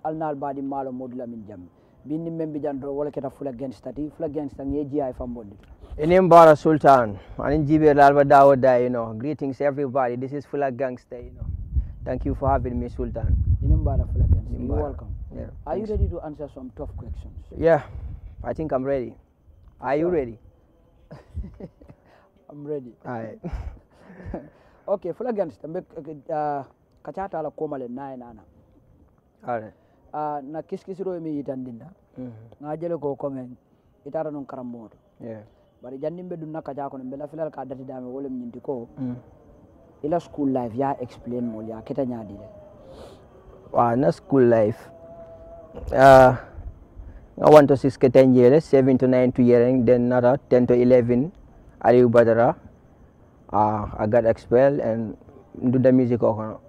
alnaal baadi malo modula min jammi bindi men bijan do wala keta fula genstati fula genstan ye jiya e fambondi Enim Bara Sultan, and Njibir Alba Dawoda, you know. Greetings everybody. This is Fula Gangster, you know. Thank you for having me, Sultan. Inimbara Bara Fula Gangster. You're welcome. Yeah, Are you ready to answer some tough questions? Yeah, I think I'm ready. Are you ready? I'm ready. All right. okay, Fula Gangster, eh, eh, eh, kachata la koma le nae nana. All right. na kiskisiro mi yitandinda nga jele ko men itara non karammoɗo bari jandimɓe ja ko kono mbe filal ka datidami wolem ko ila school life ya explain mo ya keta ñaɗile wa na school life uh, nga want to 6 ke 10 7 to nine to yeren then nara ten to 11 aliou badara uh, i got expelled and do the music okono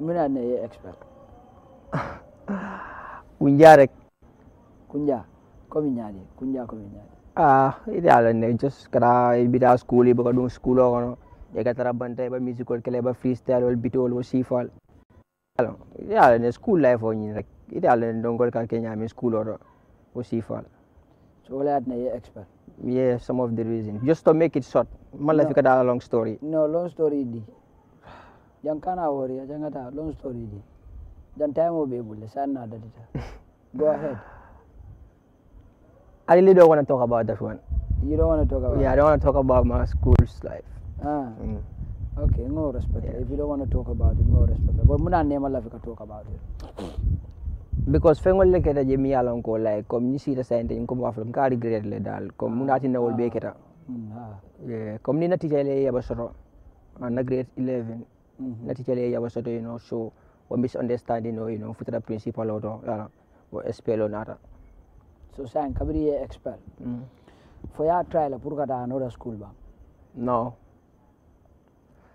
mina ne expelled Kunja rek. Kunja komi ñaade kunja komi ñaade. ah ite ala just kata bita school i baka dum school o kono e ka tara banta e musical kala e ba freestyle wal bitol wo sifal ite ala school life o o wo sifal so wala at ye expert yeah some of the reason just to make it short man fi ka long story no long story di jankana wori jangata long story di Then time will be able to send another data. Go ahead. I really don't want to talk about that one. You don't want to talk about Yeah, I don't want to talk about my school's life. Ah. Mm. Okay, no respect. Yeah. If you don't want to talk about it, no respect. But muna nema love to talk about it. because feŋol le keta je mi ye a loŋ ko like comme ñiŋ siita sayinte ñiŋ comme waafula ka regret le daal comme mu naati ah, na wol bee ah. keta comme mm, ah. ni na tiitale yaba soto na grade 11 mm-hmm. na tiitale yaba soto you know so or misunderstanding or you know futata principal or uh, or expel or nata so sang kabri ye expel mm. for ya trial pur kata another school ba no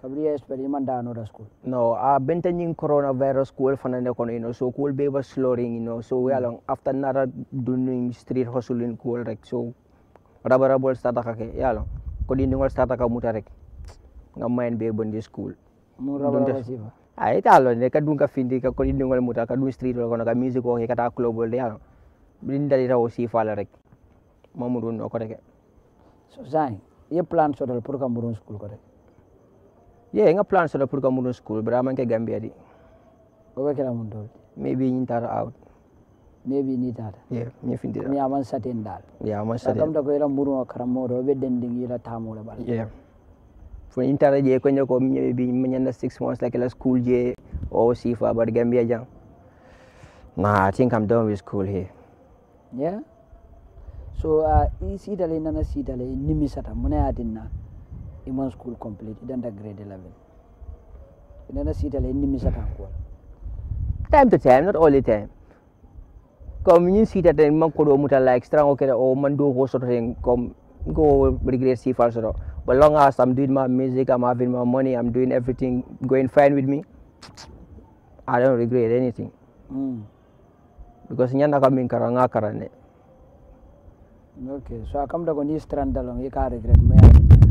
kabri ye expel iman da another school no a uh, benta nyin coronavirus school fana ne you know so cool be was slowing you know so we along mm. after nara doing street hustling cool rek so raba rabol stata kake yeah, long ko di ngol stata ka mutarek, rek nga main be bondi school mu raba ay talo ne kadun ka findi ka kodi indingol muta kadun street wala kono ka music ko kata club wala yalo Bin dali rawo si fala rek mamudu no kore ke. so zani ye plan so dal pour ka murun school kore. ye nga plan so dal pour ka murun school bra man ke gambia di ko be kala mun dol maybe ni tar out maybe ni tar. Ye, ni findi Ni aman satin dal Ye aman satin kam da ko ira murun karamo do be dending ira tamule bal Ye. yeah intara je kwenye ko bi manyanda 6 months like la school je o sifa but gambia jang nah i think i'm done with school here yeah so uh, i sidale nana sidale nimisata muna adinna iman school complete idan da grade 11 nana sidale nimisata ko time to time not all the time comme ñu ñin sitata man ko do muta like strong o kede o man do ko sototen comme go regret see false at all. But long as I'm doing my music, I'm having my money, I'm doing everything going fine with me, I don't regret anything. Mm. Because nyanda kami karanga karane. Okay, so I come to this strand along, you can't regret me.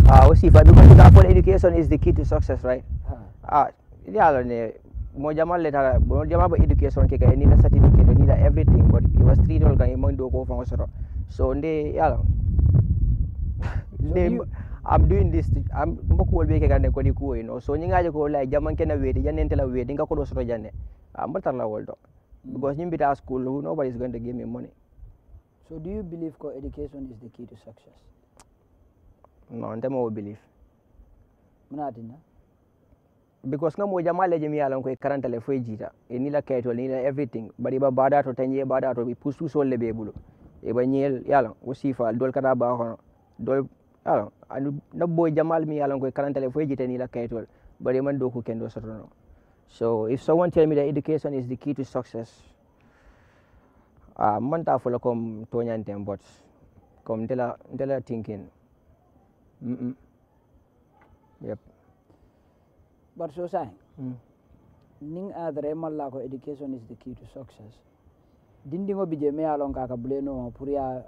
Ah, we see, but because Apple education is the key to success, right? Ah, yeah, alone. Moja mali tara, moja mali education kika, ni da certificate, ni da everything, but it was three dollars, ni mo ndo ko fango So ndi, yeah, am doing this am mbokkuwol ɓe kekarnde kodi kuwoyno so ñingaji ko lay jaman kene weeti jannden tela weeti nga koɗo soto jannde a ah, mbatarlawol ɗo because ñimbita school no body is going to give me money so do you believe co education is the key to success non tema o belief mnatina because ngamo jamaleji mi yalan koye karantale foye jiita e nila kaytol nila everything baɗa iɓa baada to tañi e baada to pustusolle ɓe ɓulo eɓa ñeel yalan wo sifa dol kata baa hono dol ala ah, anu nabbo jamal mi yalan koy karantale fo jite ni la kaytol bare man do ko kendo sotono so if someone tell me that education is the key to success ah uh, man ta fula kom toñante bot kom dela dela thinking mm -mm. yep bar so sai mm. ning adre malla ko education is the key to success dindingo bije me yalon kaka bleno pour ya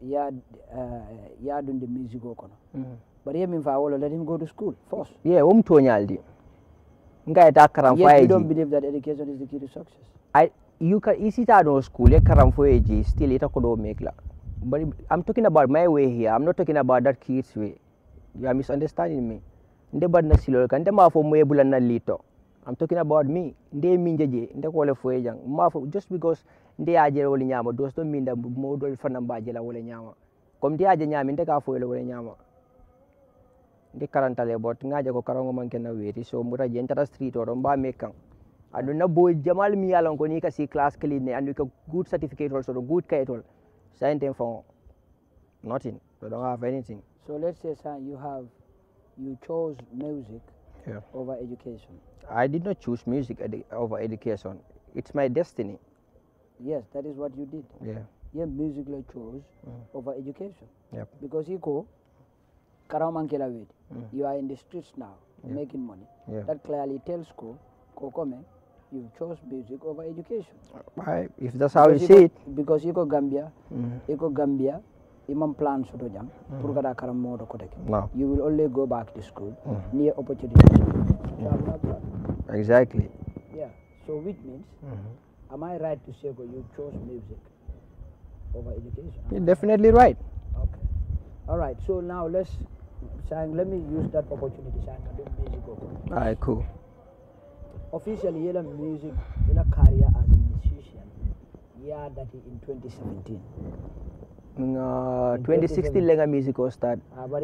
yard eh, uh, musique o kono mm. bari ye min faa wolo let him go to school force yeah wom toñaldi ngayta karam fayeji yes, we don't believe that education is the key I, you can isita no school e karam fayeji still ita ko do make la but i'm talking about my way here i'm not talking about that kids way you are misunderstanding me nde badna silol ka ndema ma fo moye bulanna lito I'm talking about me. They mean jeje, they call for young. just because they are jero nyama, those don't mean that model for number jela wole nyama. Come the they are nyama, they ka for wole nyama. They currently but ngaja ko karongo man kenna weri so mura jentara street or mba mekang. Adu na boy jamal mi alon ko ni ka si class clean ne and you good certificate also good cattle. all. Sign for nothing. They don't have anything. So let's say sir you have you chose music yeah. over education? I did not choose music over education. It's my destiny. Yes, that is what you did. Yeah. Yeah, musically chose mm. over education. Yep. Because you go, Karamankela Wade, mm. you are in the streets now, making money. Yeah. That clearly tells you, Kokome, you chose music over education. Why? if that's how because you see it. Because you go Gambia, mm. you go Gambia, imam plan soto jam hmm. pour kada karammo to koteke you will only go back to school mm. near opportunity mm. exactly yeah so which means mm-hmm. am i right to say go you chose music over education you're definitely right okay all right so now let's sang let me use that opportunity sang to do music over. all right cool officially yela music yela career as a musician yeah that in 2017 2016 lenga music was start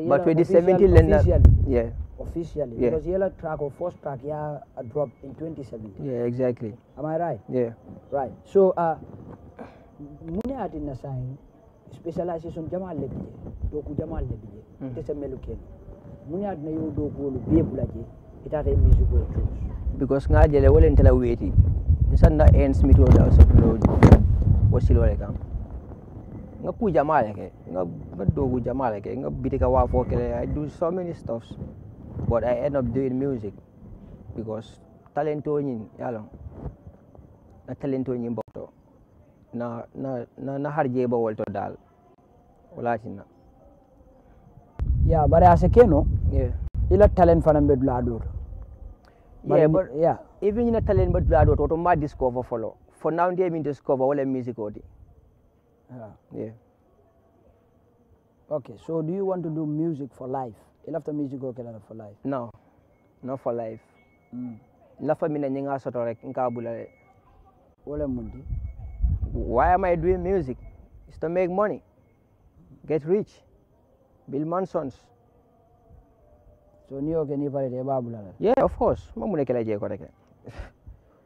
but, 2017 lenga yeah officially yeah. because yellow track or first track yeah dropped in 2017 yeah exactly am i right yeah right so uh mune atin na sign specialization jamal lebije doku jamal lebije tese melu ken mune na yo doku wolu bebula je itata musical choose because nga jele wolen tala weti nsanna ends smith was also upload wasilore kam nga ku jamaa leke nga nga dogu jamaa leke nga bitika wa fo kele I do so many stuffs but I end up doing music because talento nyin yalo na talento nyin bokto na na na, na harje ba wolto dal walatina ya yeah, bare ase keno yeah ila talent fana be dula do yeah but yeah even ina talent be dula do to ma discover follow for now they mean discover wala music odi Yeah. yeah. so do you want to do music for life? Ilafta music okay for life? No, hmm. soto rek nkabula. Wala mundi. Why am I music? It's to make money, get rich, build mansions. So ni okay ni pare ba bulala. Yeah, of course. Mamu nekela je ko rek.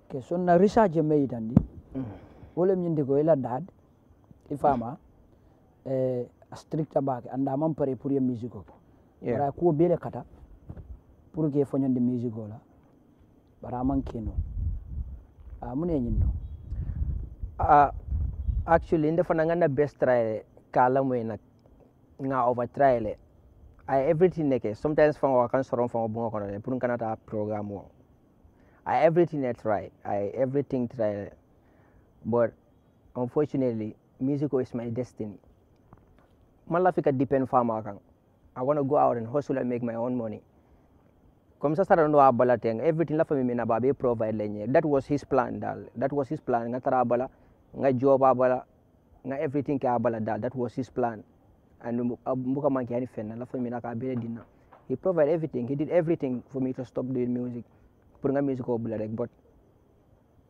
Okay, so na research me itandi. Wala mnyindi ko ila dad. i fama e, a stricta baake annda man pare pour ye musique o ko bara kuwo bele kata pour que foñonde musique o la bara man keno a mune ñin no actually nde fana nganna bes trayle ka lamoye nak nga ova trayle a everything neke sometimes fan oa kan soron fan o bunga konone pour nkanata programme o a everything e try a everything trayle but unfortunately musical is my destiny. Man lafika depend farmer kan. I want to go out and hustle and make my own money. Comme ça sara ndo abala tenga everything la famille mena babe provide lenye. That was his plan dal. That was his plan nga tara abala nga job abala nga everything ke abala dal. That was his plan. And mbuka manke yani fenna la famille mena ka bele dinna. He provided everything. He did everything for me to stop doing music. Pur nga music obula rek but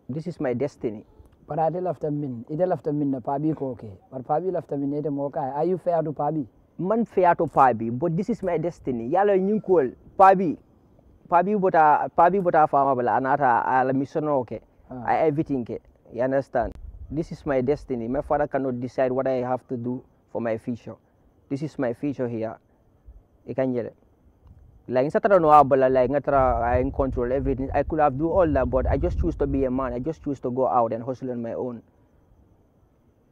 this is my destiny. parade lafta min ite lafta min na paabi ko ke par paabi lafta min ite mo ka are you fair to paabi man fair to paabi but this is my destiny yalla nyin ko paabi paabi bota paabi bota fama bala anata ala missiono ke uh. I everything ke you understand this is my destiny my father cannot decide what I have to do for my future this is my future here ikanjele Like it's not no but like uh, I in control everything. I could have do all that, but I just choose to be a man. I just choose to go out and hustle on my own.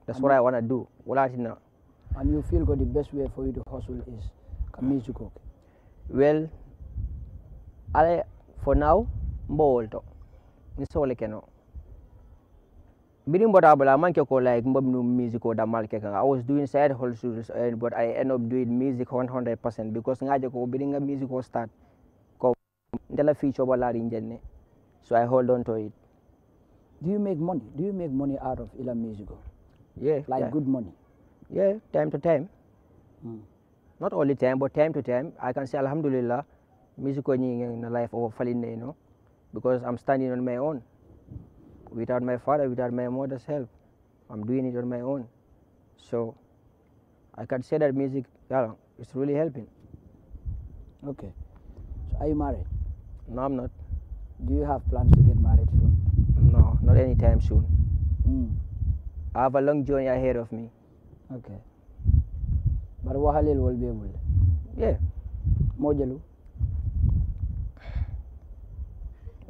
That's and what I wanna do. What I know. And you feel God the best way for you to hustle is music okay? Well, I for now, more It's all I can know meaning but I man ke ko like mbob no music or damal ke I was doing side hustles and but I end up doing music 100% because ngaje ko biringa music ko start ko ndela feature bala rinjenne so I hold on to it do you make money do you make money out of ila music yeah like yeah. good money yeah time to time mm. not only time but time to time I can say alhamdulillah music ko ni na life over falling you know because I'm standing on my own without my father, without my mother's help. I'm doing it on my own. So I can say that music, yeah, it's really helping. Okay. So are you married? No, I'm not. Do you have plans to get married soon? No, not anytime soon. Mm. I have a long journey ahead of me. Okay. But Wahalil will be able to. Yeah. Mojalu?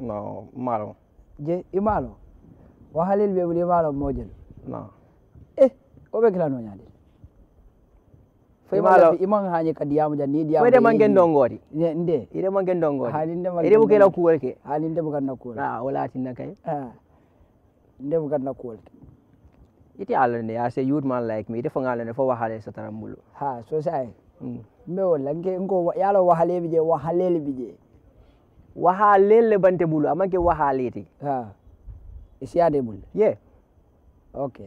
No, Malo. Yeah, Imalo? wa halil ɓe ɓuli maalo moojel e o ɓe kilanoñaade imang hañi ka yamo jan ni diyamo ede mangen dongoori nde ire mangen dongori halinde ma ire bu kela kuwol ke halinde bu ganna kuwol wala tin na kay nde bu ganna kuwol ke ite allah nde ya se youth man like me ite fo ngaalande fo wahale sa tara ha so sai mm. mbe o lanke ngo yaalo wahaleɓe je wahaleele bi je waha lelle bante amake amanke wahalete ha isiyadeɓol ye ok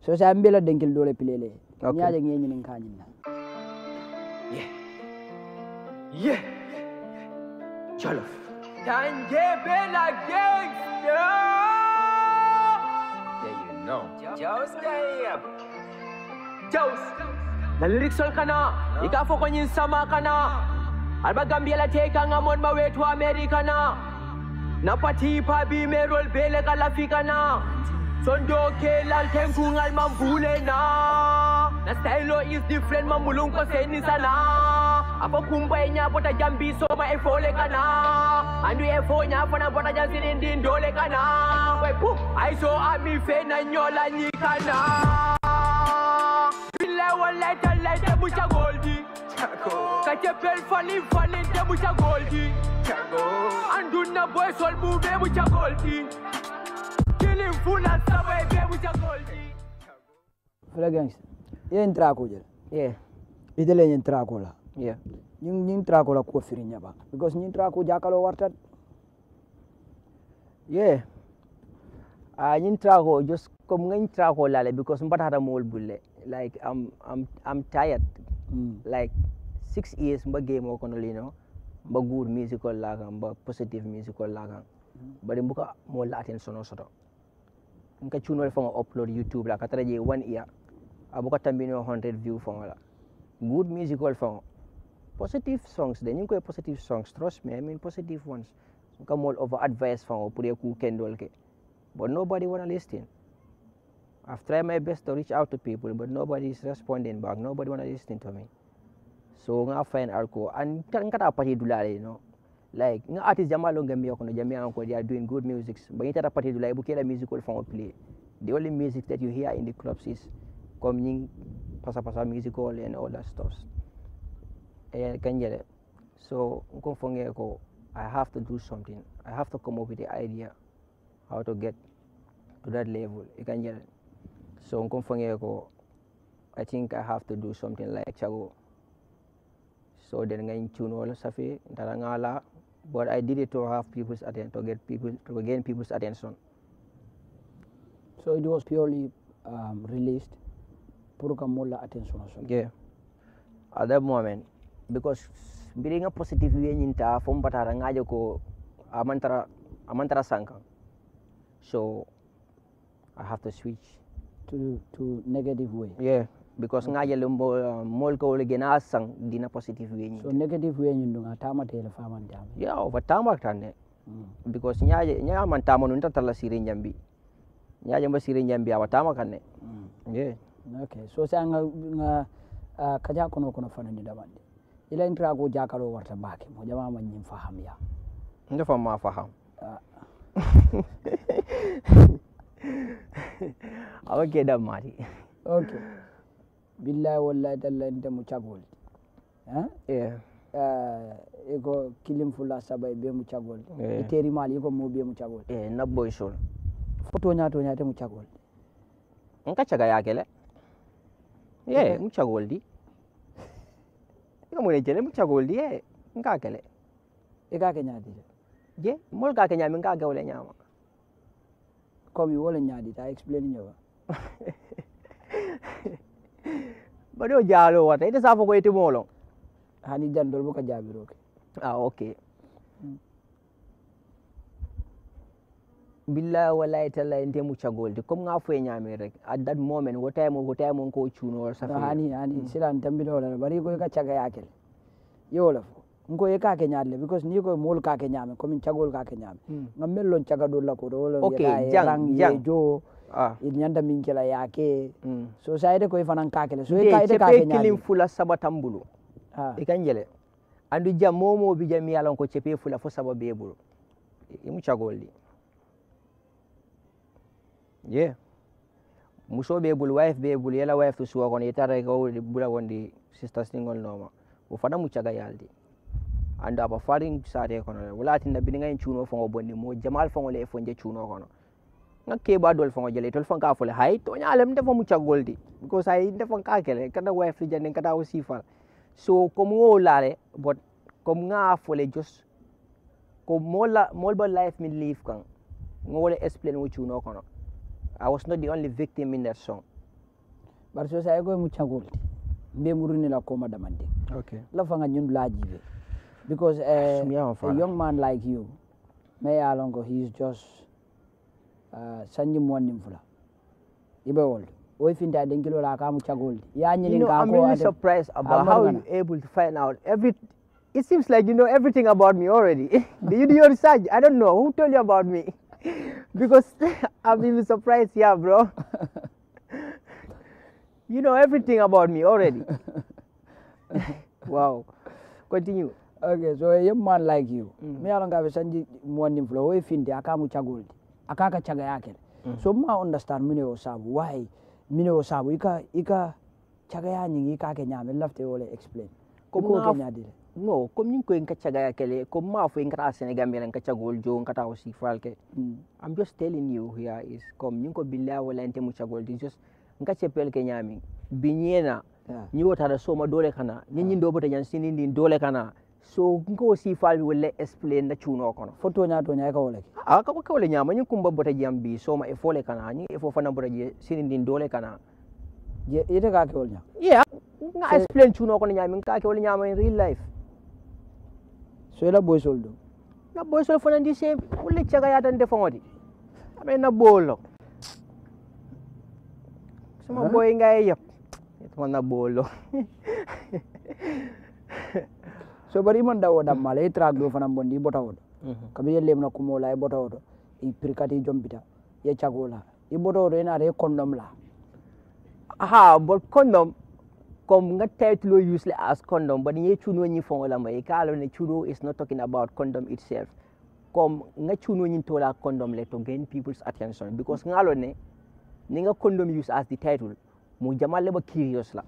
so sa mbela denkel dole pilele ñaje ŋeñinin kañinna ye ye jolof danje bela gangsta yeah you know just damn just the lyrics all kana ikafo kwenye sama kana alba gambia la teka ngamon mawetu amerikana napathipha bimero libheleka lafika na sondokhela lithengkhunga limamvule na nasitayilo is different mamulunkosenisa na apakhumpa enyapho tajambiso ma efoleka na andu na nyapho nampo tajansilindindoleka na wepu na amife nanyola nyika na lighter, lighter, mucha goldi. Kache pel falling, falling, te mucha goldi. Anduna boy sol move, mucha goldi. Killing funa sabe, be mucha goldi. Fela gangsta. Ye entra kujer. Yeah. Idele ye entra kola. Yeah. Yin yin tra kola ko firinya ba. Because yin tra ko jakalo wartat. Yeah. Ah uh, yin tra ko just kom ngain tra ko lale because mbata ta mol bulle. like I'm I'm I'm tired. Mm. Like six years my game o only no. But good musical lagang, but positive musical lagang. mm. bari mbuka mo latin sono soto nka chuno fa upload youtube la katara one year abuka tambino 100 view fa la. good musical fa positive songs Then ñing koy positive songs trust me i mean positive ones nka mo over advice fa pour ku kendol ke but nobody wanna listen I've tried my best to reach out to people, but nobody is responding back. Nobody wanna listen to me. So I find alcohol and ngata party dulare, you know. Like nga artist jama lo gambia kono jama anko they are doing good music. But ngata party dulare bukela musical from play. The only music that you hear in the clubs is coming pasa pasa musical and all that stuff. get eh, it. So nkonfonge ko I have to do something. I have to come up with the idea how to get to that level. You can get it. So I think I have to do something like Chago. So then I ngayon tunol safi, tarangala. But I did it to have people's attention, to get people, to gain people's attention. So it was purely um, released, Purukamola attention. Yeah. At that moment, because being a positive way in from batarangaje ko amantara amantara sanka. So I have to switch. to, to negative way. Yeah, because okay. ngaje lumbo uh, molko ole gena sang dina positive way So negative way ni nga tama tele fama ndam. Yeah, over tama tane. Mm. Because nyaje nyama man tama nunta tala sire nyambi. Nyaje mba sire nyambi awatama kane. Mm. Yeah. Okay, so sa nga nga uh, kaja kono kono fana ni dabandi. Ila intra ko jakalo warta baki mo jama man nyim faham ya. Ndo fama faham. Uh. அவக்கே மாதிரி okay billahi wallahi tallahi nte mu cagol iko kilim fulla saba be mu cagol e teri mali iko mo be mu cagol e nabbo e sol foto nya to nya te mu cagol nka caga yake le ye mu cagol di iko mo le jele mu cagol di e nka kele e ka ke nya di je mol ka ke nya min ka ke wala nya ma komi wole ñaadi ta explaini ñoga baɗi o jaalo wata ite sa foko yete molon hani jandol boka jaabiroke a ah, ok mm. billaye wallaye talla en te muccagolde comme ga foye ñamen rek a dat momen wotay mo wotay mon ko cuuno hani hani silan tambinoolano bari koy ka caga yakel yowola fo ngo e ka ke le because ni ko mol ka kenya ko min chagol ka ke me mm. ngamme lon chaga do la ko do lo okay, ya rang ye jo ah. nyanda min kela yake mm. so saide ko fanan ka ke so e ka ke ka kenya fula sabatan bulu ah. e kan jele andu jam momo bi jam yalon ko chepe fula fo sababu e bulu e, e mu li ye yeah. muso be bulu wife be bulu yala wife to ko ni tare ko bulu wondi sisters ningol noma o fada mu chaga yaldi anda ba farin sare kono wulati na bin ngai chuno fongo bonni mo jamal fongo le fonje chuno kono ngakke ba dol fongo jele tol fonga fole hay to nyalem defo mu cagoldi because ay defo ka kele kada way fi jande kada o sifal so comme wo lare but comme nga fole jos ko mola molba life min live kan ngole explain wo chuno kono i was not the only victim in that song bar say go mu cagoldi be muruni la ko madamande okay la fanga nyun la jibe Because uh, a young man like you, May Alongo, he's just sanji morning Ibe old. Oy finta dengilo la kamu chagold. Ya nyini I'm really surprised about how you are able to find out every it seems like you know everything about me already. Did you do your research? I don't know. Who told you about me? because I'm even surprised yeah, bro. you know everything about me already. wow. Continue. okay so ye man like you mm. mi alon gaɓe sanji mowannin fula woye finde aka mu cagolde akaka caga mm. so ma understand mine o saabu why mine o saabu ika ika cagaya ñingi kake ñaame lafte wole explain ko ke ñadile no comme ñing koy kaccagaya kele comme ma foy ngata sénégal mbiren kaccagol jo ngata o sifal ke mm. i'm just telling you here is comme ñing ko billa wala ente mu cagol di just ngacce pel ke ñaami biñena ñi yeah. wotara soma dole kana ñi ñin ah. do bota ñan sinindi kana so nko si faabi walla explain na cuuno kono fotto ñaato ñaay ka wole a ah, ka ko kawle ñaama ñin kumba bota jiyam bi soma e fole kana ñin e fo fana bota je sini ndin dole kana je ite ka kewol ñaam yeah mm, nga explain cuuno kono ñaami ka kewol ñaama in real life so ila e boy sol do na boy sol fana ndi sem walla caga ya tan defawati abe na bolo sama boy eh? ngay e yep na bolo so bari man dawo dammala mm. mm-hmm. i trak do fanan bondi i bota woto kabi ye lemna kumola i bota woto i ye naata ye condom la ha but condom comme nga title usually as condom but ye chuno nyi fongola ma e kala ne chuno is not talking about condom itself comme nga chuno nyi tola condom le to gain people's attention because ngalo ne ni nga condom use as the title mu jamal ba curious la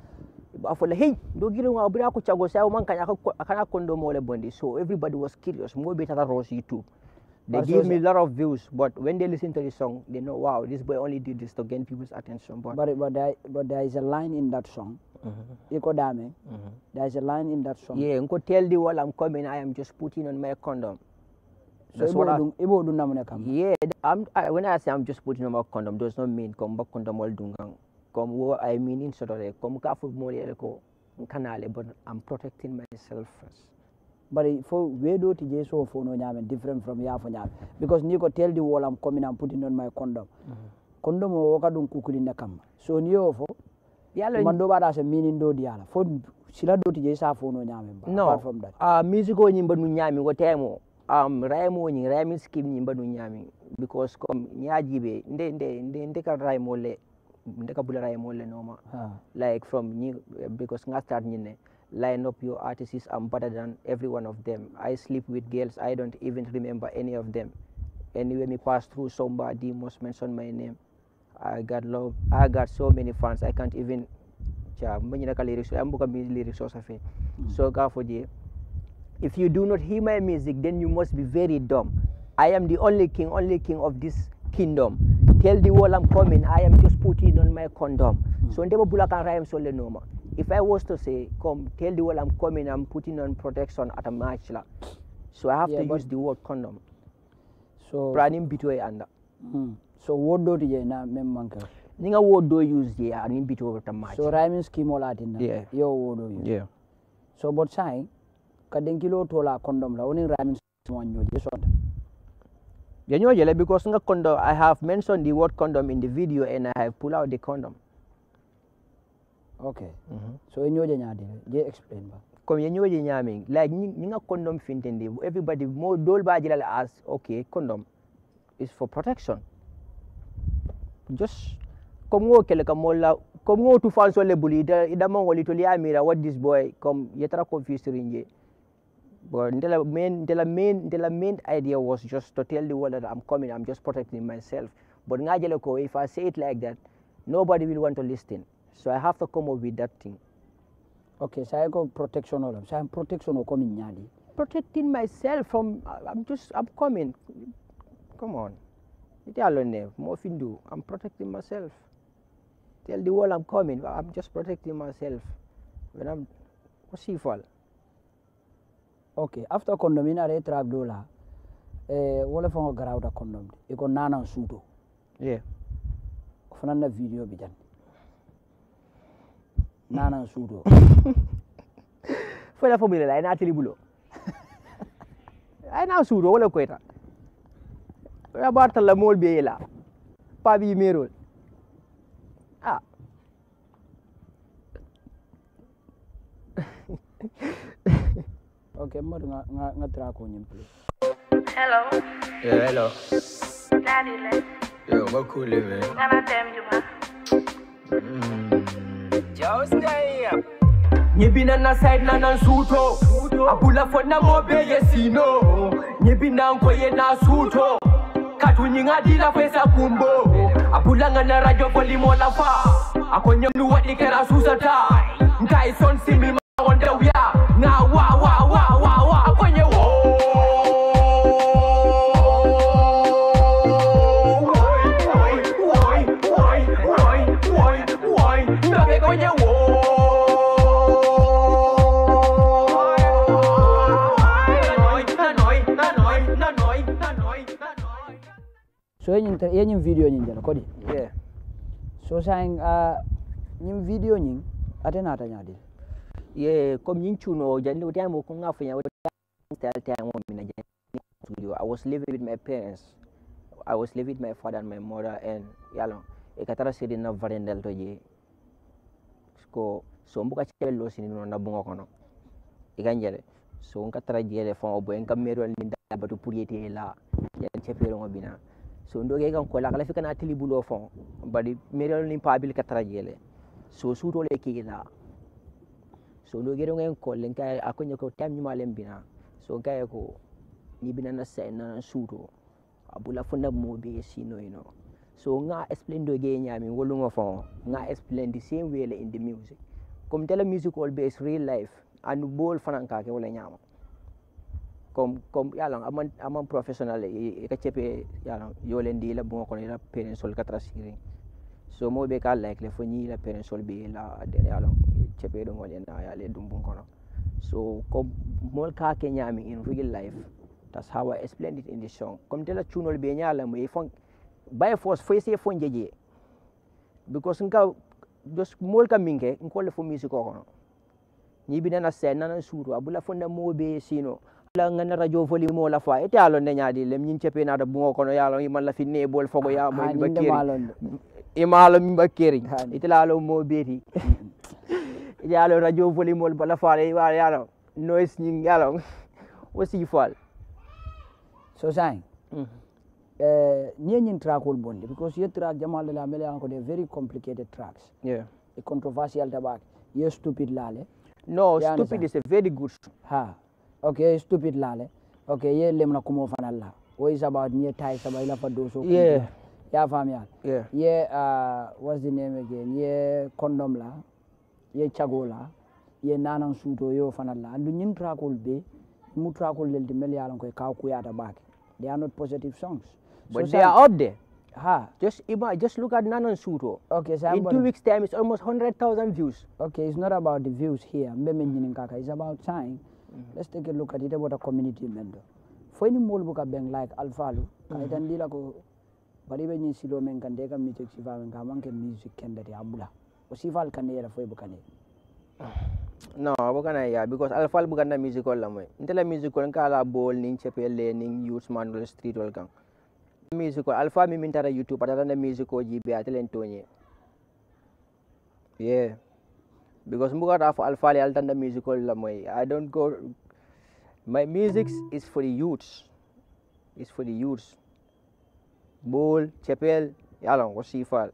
for hey do girin wa bira ko chago sai man kan akana kondo mole bondi so everybody was curious mo be tata rose youtube they gave me a lot of views but when they listen to the song they know wow this boy only did this to gain people's attention but but but there, but there is a line in that song mm-hmm. Iko dame. Mm-hmm. There is a line in that song. Yeah, Nko tell the world I'm coming. I am just putting on my condom. So That's what I, Yeah, I'm, I, when I say I'm just putting on my condom, does not mean come back condom all dungang. comme wo ay mean in sort comme ka come careful more ko oh, kanale but I'm protecting myself first. But fo we do to Jesus for no nyam different from ya fo nyam because ni ko tell the wall I'm coming I'm putting on my condom. Mm -hmm. Condom wo ka dun kukulinda kama. So ni yo fo yalla man do bada se meaning do di yalla fo sila do ti Jesus for no nyam ba no. apart from that. Ah uh, music o nyimba nu nyami ko temo um, raimo nyi raimi skim nyimba nu nyami because kom nyajibe nde nde nde, nde ka raimo le ndeka bularaye mo le noma huh. like from ni because nga start nyine line up your artists i'm better than every one of them i sleep with girls i don't even remember any of them anyway me pass through somebody must mention my name i got so many fans i can't even cha manyina hmm. music then you must be very dumb i am the only king only king of this kingdom tell the world I'm coming, I am just putting on my condom. Mm. So ndebo bulaka rhyme sole noma. If I was to say, come, tell the world I'm coming, I'm putting on protection at a match So I have yeah, to use the word condom. So running between and mm. So what do you na mem manka? Ninga word do use the and in between at match. So rhyming scheme all atin. Yeah. Yo word do use. Yeah. So but sai kadenkilo tola condom la oning rhyming scheme on your Yenyojele because nga condom, I have mentioned the word condom in the video and I have pulled out the condom. Okay. Mm-hmm. So yenyoje nyadi, like nga condom fintindi, everybody mo dol ba jilal as, condom is for protection. Just comme wo kele kamola wo tu falso le buli, what this boy come yetara confused rinje. But the main, the main, the main idea was just to tell the world that I'm coming, I'm just protecting myself. But Ngajeleko, if I say it like that, nobody will want to listen. So I have to come up with that thing. Okay, so I go protection all So I'm protection or coming nyadi. Protecting myself from, I'm just, I'm coming. Come on. I'm protecting myself. Tell the world I'm coming, I'm just protecting myself. When I'm, what's he fall? ok after condom ina re trap dola eh wala fo garaw da condom e ko nana sudo yeah fana na video bi jan nana sudo fo la fo mi la ina tili bulo eh, ina sudo wala ko eta ya barta la mol be la pa bi merol ah Okay, mmoja nga, nga, nga try kwenye mplay. Hello. Yeah, hello. Nani le? Yo, kwa kuli we. Ngana tem juma. Mm. Jao stay up. Nyibina na side na na suto. Abula for na mobe yesino. Nyibina nkoye na suto. Katunyinga dila pesa kumbo. Apulanga na radio polimola fa. Akonyamnu wadikera susata. Nkai son simi ma wonder we are. Now so yeñin video nyin jala kodi yeah. so saying uh, ah, nyim video nyin atena nata ñadil ye kom nyin chuno jandi o time ko nga fanya o time o mina jandi studio i was living with my parents i was living with my father and my mother and yalo e katara sidi na varendel to ye ko so mbuka chelo sini no na bungo kono e kanjele so nka tara jele fon o bo en kamero ni da batu pour yete la ya chepelo ngobina so ndoge kan ko lakala fi kana tili bulo fon bari merel ni pabil katara jele so suto le kila so ndoge don en ko len kay akonyo ko tam ni malen bina so ga ko ni bina na sai na suto abula na mo be sino ino so nga explain ndoge nyami wolungo fon nga explain the same way in the music comme tell music all based real life and bol fanan ka ke wala nyama comme comme professionnel di la la ka trasiri so mo be ka like le foni la be la do ngol ya le dum bon kono so comme ka ke nyami in real life that's how i explained it in the song comme de la chunol be nyala mo fon by force fo se fon jeje because nka just mol ka minke ngol fo music ko kono nyibi sen suru abula mo be sino la ngana radio foli mo la fa ete alon ne nyaadi lem nyin cepe na da bungo kono yalo man la fi ne bol fogo ya mo mi bakiri imalo mi bakiri ite la lo mo beti yalo radio foli mo bala fa le wa yalo noise nyin yalo wosi fal so sai mm. eh, ñeñin track wol bonde because ye track jamal la mele ko de very complicated tracks yeah e controversial tabak ye stupid lale no stupid is a very good ha okay stupid lale okay ye lemna kumo fana la what is about nye tai saba ila fa doso yeah ya yeah ye uh what's the name again ye condom la ye chagola ye nanan suto yo fana la andu nyin trakol be mu trakol lel de mel yalan koy kaw ku yada baake they are not positive songs but so they are out there Ha. Just ima, just look at Nanan Suto. Okay, so in two weeks' time, it's almost hundred thousand views. Okay, it's not about the views here. It's about time Mm -hmm. Let's take a look at it about a community member. Fweni mol buka bank like alfalu, mm -hmm. kaitan dila ko baribe nyin silo men kan deka music sifa men ka manke music kenda ya bula. O sifa al kan yela foi buka ne. Ah, no, bukan ya because alfal bukan na musical la moy. Intela musical ka la bol nin chepele nin youth manual street ol kan. Musical alfa mi min tara youtube atara na musical jibe atelen tonye. Yeah. because alfa le Altanda musical moy I don't go. My music is for the youths. is for the youths. Bol, chapel, yalang fal.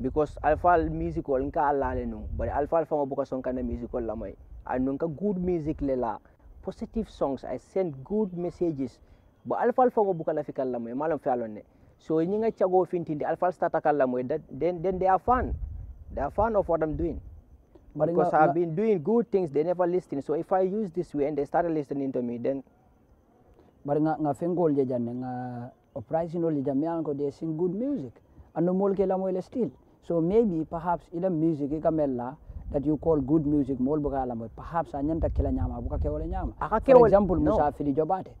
Because Alfal musical nka le no but Alfal mo buka son kana musical moy And nka good music lela, positive songs. I send good messages. But Alfal mo buka lafikal moy Malam alone So nyinga chago fintindi Alfal takal la moy Then then they are fun. They are fun of what I'm doing. But because I've been doing good things, they never listen. So if I use this way and they start listening to me, then. But nga nga fingol je jane nga uprising ol jame anko they sing good music. Ano mol ke lamo ele still. So maybe perhaps ila music ikamela that you call good music mol buka lamo perhaps anyanta kila nyama buka ke ole nyama. For example no. musafiri jobate.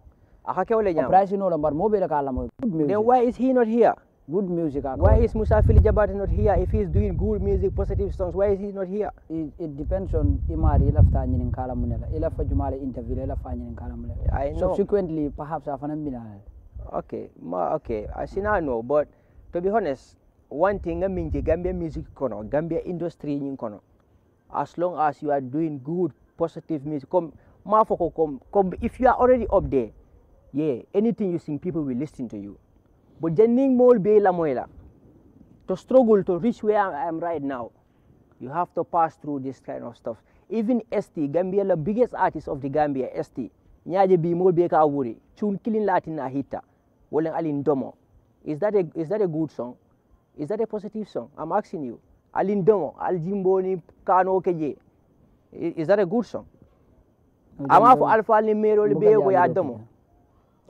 Aka ke ole nyama. Uprising ol ambar mo bela ka lamo good music. Then why is he not here? good music. Account. Ah. Why is Musafili Jabari not here? If he's doing good music, positive songs, why is he not here? It, it depends on Imari Ilafta Nyin Kalamunela. Ilafa Jumala interview, Ilafa Nyin Kalamunela. I know. Subsequently, perhaps Afanamina. Okay, ma, okay. I see now, I know, but to be honest, one thing I mean, Gambia music kono, Gambia industry in kono. As long as you are doing good, positive music, come, come, come. If you are already up there, yeah, anything you sing, people will listen to you. But Jenning Mol Bela Moela, to struggle to reach where I am right now, you have to pass through this kind of stuff. Even ST, Gambia, the biggest artist of the Gambia, ST, Nyaje B Mol ka wuri. Chun Killing Latin Ahita, Wolen Alin Domo. Is that, a, is that a good song? Is that a positive song? I'm asking you. Alin Domo, Al Jimboni, Kano Keje. Is that a good song? I'm Alpha Alpha Limero Beko Yadomo.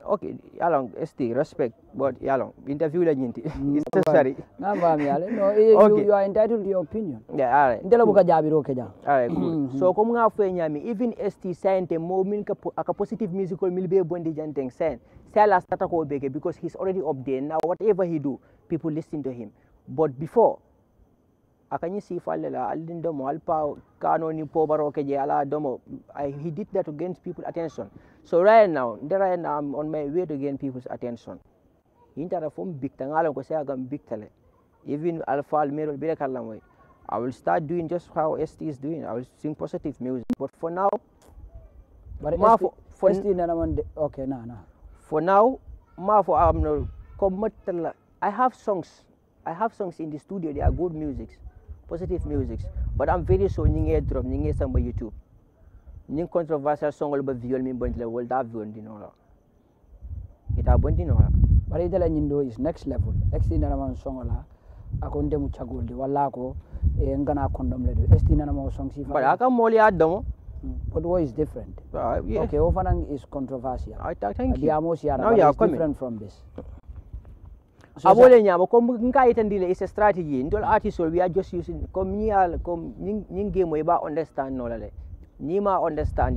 okay yalong sti respect but yalong interview la nyinti mm, necessary ngamba yale no okay. you, you are entitled to your opinion yeah all right ndela buka jabi roke ja all right cool mm-hmm. so ko mga fwe nyami even st sente mo min ka aka positive musical mil be bondi janteng sen sala stata ko beke because he's already up there now whatever he do people listen to him but before akanyi sifale la alindo mo alpa kano ni pobaro keje ala domo I, he did that to gain people' attention so right now there right now i'm on my way to gain people's attention intara fom bikta ngalo ko saya big biktale even alpha almero bile kallam way i will start doing just how st is doing i will sing positive music but for now but ma for for st nana man okay na na for now ma for i'm no committal i have songs i have songs in the studio they are good musics positive music but I'm very sure ñi ngee drop ñi some by YouTube ñi ngi controversial songol but viol min bondi la wol da viol di nola ita bondi nola bari dala ñindo is next level exi nana man songola akon demu cagoldi walla ko e ngana kondom le do esti nana ma song si fa bari aka moli adamo hmm. But what is different? Uh, ah, yeah. Okay, Ofanang is controversial. I, ah, thank you. Diamos Yara is different from this abole nyabo comme ngai tandile is a strategy ndol artist we are just using ning game we ba understand no lale ni ma understand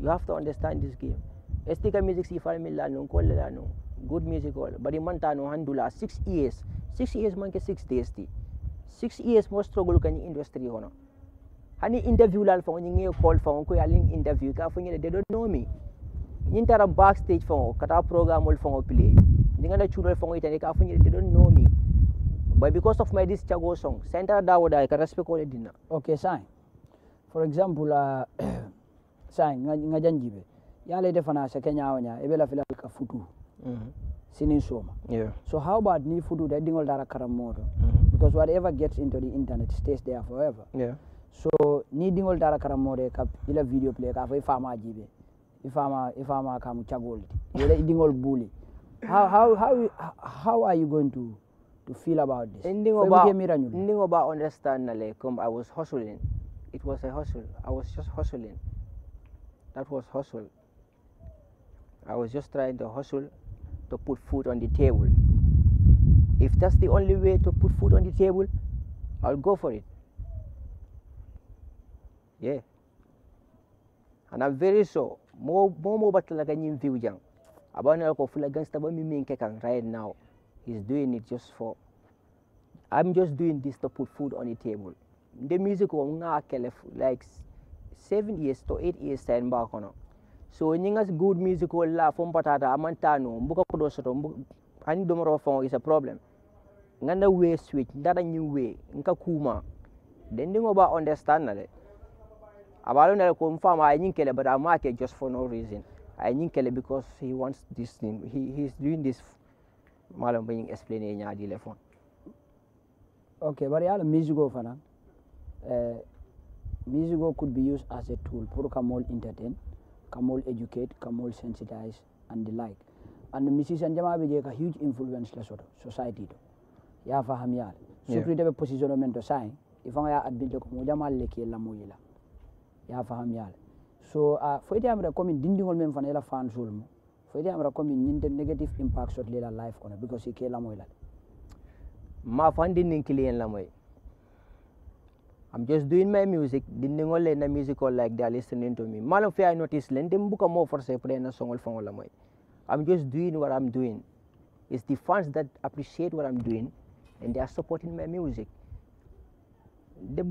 you have to understand this game estika music si far milla no ko la no good music all bari man ta no handula 6 years 6 years man 6 days ti 6 years mo struggle kan industry hono hani interview lal fon ni call fon ko ya link interview ka fon they don't know me ni tara backstage fon kata program ol fon play dinga da chuno fongo itani ka funyi they don't know me but because of my this chago song center dawo wada ka respect ko dinna okay sai for example uh, sai nga janjibe ya le defana se kenya wanya e bela fila ka futu mm -hmm. sinin soma yeah. so how about ni futu da dingol dara karam modo mm -hmm. because whatever gets into the internet stays there forever yeah. so ni dingol dara karam modo ka ila video play ka fa fama jibe ifama ifama kamu chagolti ila dingol bully. how how how how are you going to to feel about this Ending about ending about understand like i was hustling it was a hustle i was just hustling that was hustle i was just trying to hustle to put food on the table if that's the only way to put food on the table i'll go for it yeah and i'm very sure mo mo mo batalaga nyimvi young. Abani Akofula gangster, but me main cake right now. He's doing it just for. I'm just doing this to put food on the table. The music was not like seven years to eight years time back on. So nyingas good music will laugh on patata amantano mbuka kudosoto ani domoro fong is a problem. Nganda way switch that a new way nka kuma. Then dingo ba understand na le. Abalo na ko mfama ayinkele but market just for no reason. I ñinkele because he wants this thing he he's doing this malam bayin explaining in ñaadi le okay but ala musical o fana uh, music could be used as a tool pour kamol entertain kamol educate kamol sensitize and the like and musician jama be a huge influence le soto society to ya faham yaal surtout position debe positionnement ifanga ya adbinde ko mo jamal le ke lamoyila ya faham so uh, fo ite amira komin dindigol men fana ila fansol mo fo ite amira komin ñinte négative impact sot lela life it because ike lamoy My fans didn't kill lamoy I'm just doing my music. Dinding all na musical like they are listening to me. Malam I notice lending book more for separate play song of from I'm just doing what I'm doing. It's the fans that appreciate what I'm doing and they are supporting my music. The,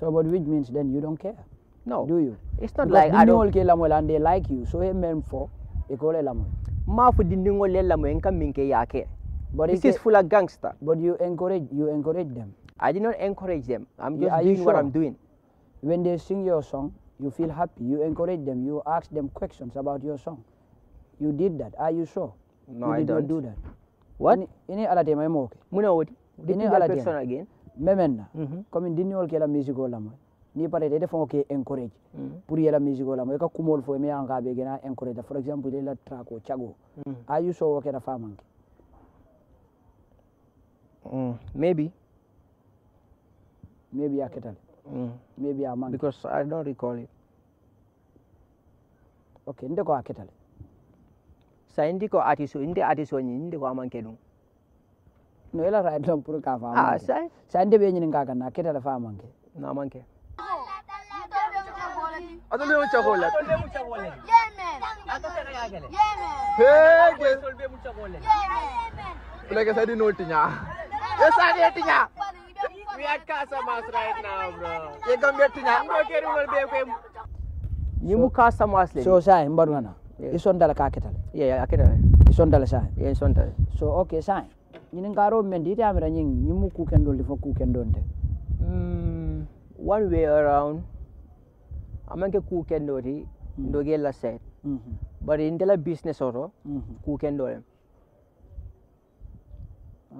so, what, which means then you don't care? No. Do you? It's not because like I don't. and they like you, so he meant for ekole lamo. Mafu dindingo le lamo enka minke yake. But this is full of gangster. But you encourage you encourage them. I did not encourage them. I'm just yeah, doing sure? what I'm doing. When they sing your song, you feel happy. You encourage them. You ask them questions about your song. You did that. Are you sure? No, you I did don't. not do that. What? time alate mai mo. Muna wodi. again? alate. Repeat the question again. Memenna. Mm-hmm. Comme dindingo ke la musique lamo. ni pare de defo ke encourage mm pour yela musique la mo ka kumol fo me anga be gena encourage for example track o chago mm -hmm. ayu so wo na famanke mm. maybe maybe ya ketal mm. maybe ya man because i don't recall it okay nde ko aketal sa indi ko atiso inde atiso ni indi ko amanke dum no yela ra dum pour ka famanke ah sa sa inde be nyi nga na ketal famanke na manke Ato le mong chocolate? Ato le mong chocolate? Yemen! Ato sa nagagale? Yemen! Hey! Ato le mong chocolate? Yemen! Like I said, you know it niya. Yes, I get it niya! We are customers right now, bro. Ye gam get niya. Ang okay, rumal be ko. Ye mu customers le. So sai mbar ngana. Ison dala ka ketal. Ye ya ketal. Ya, ison dala sai. Ye ison dala. So okay sai. Nyin ngaro men di ta amra nyin nyimu ku kendol di fo ku kendonde. Mm one way around amanke ku kendo ti ndoge la set bari intela business oro ku kendo lem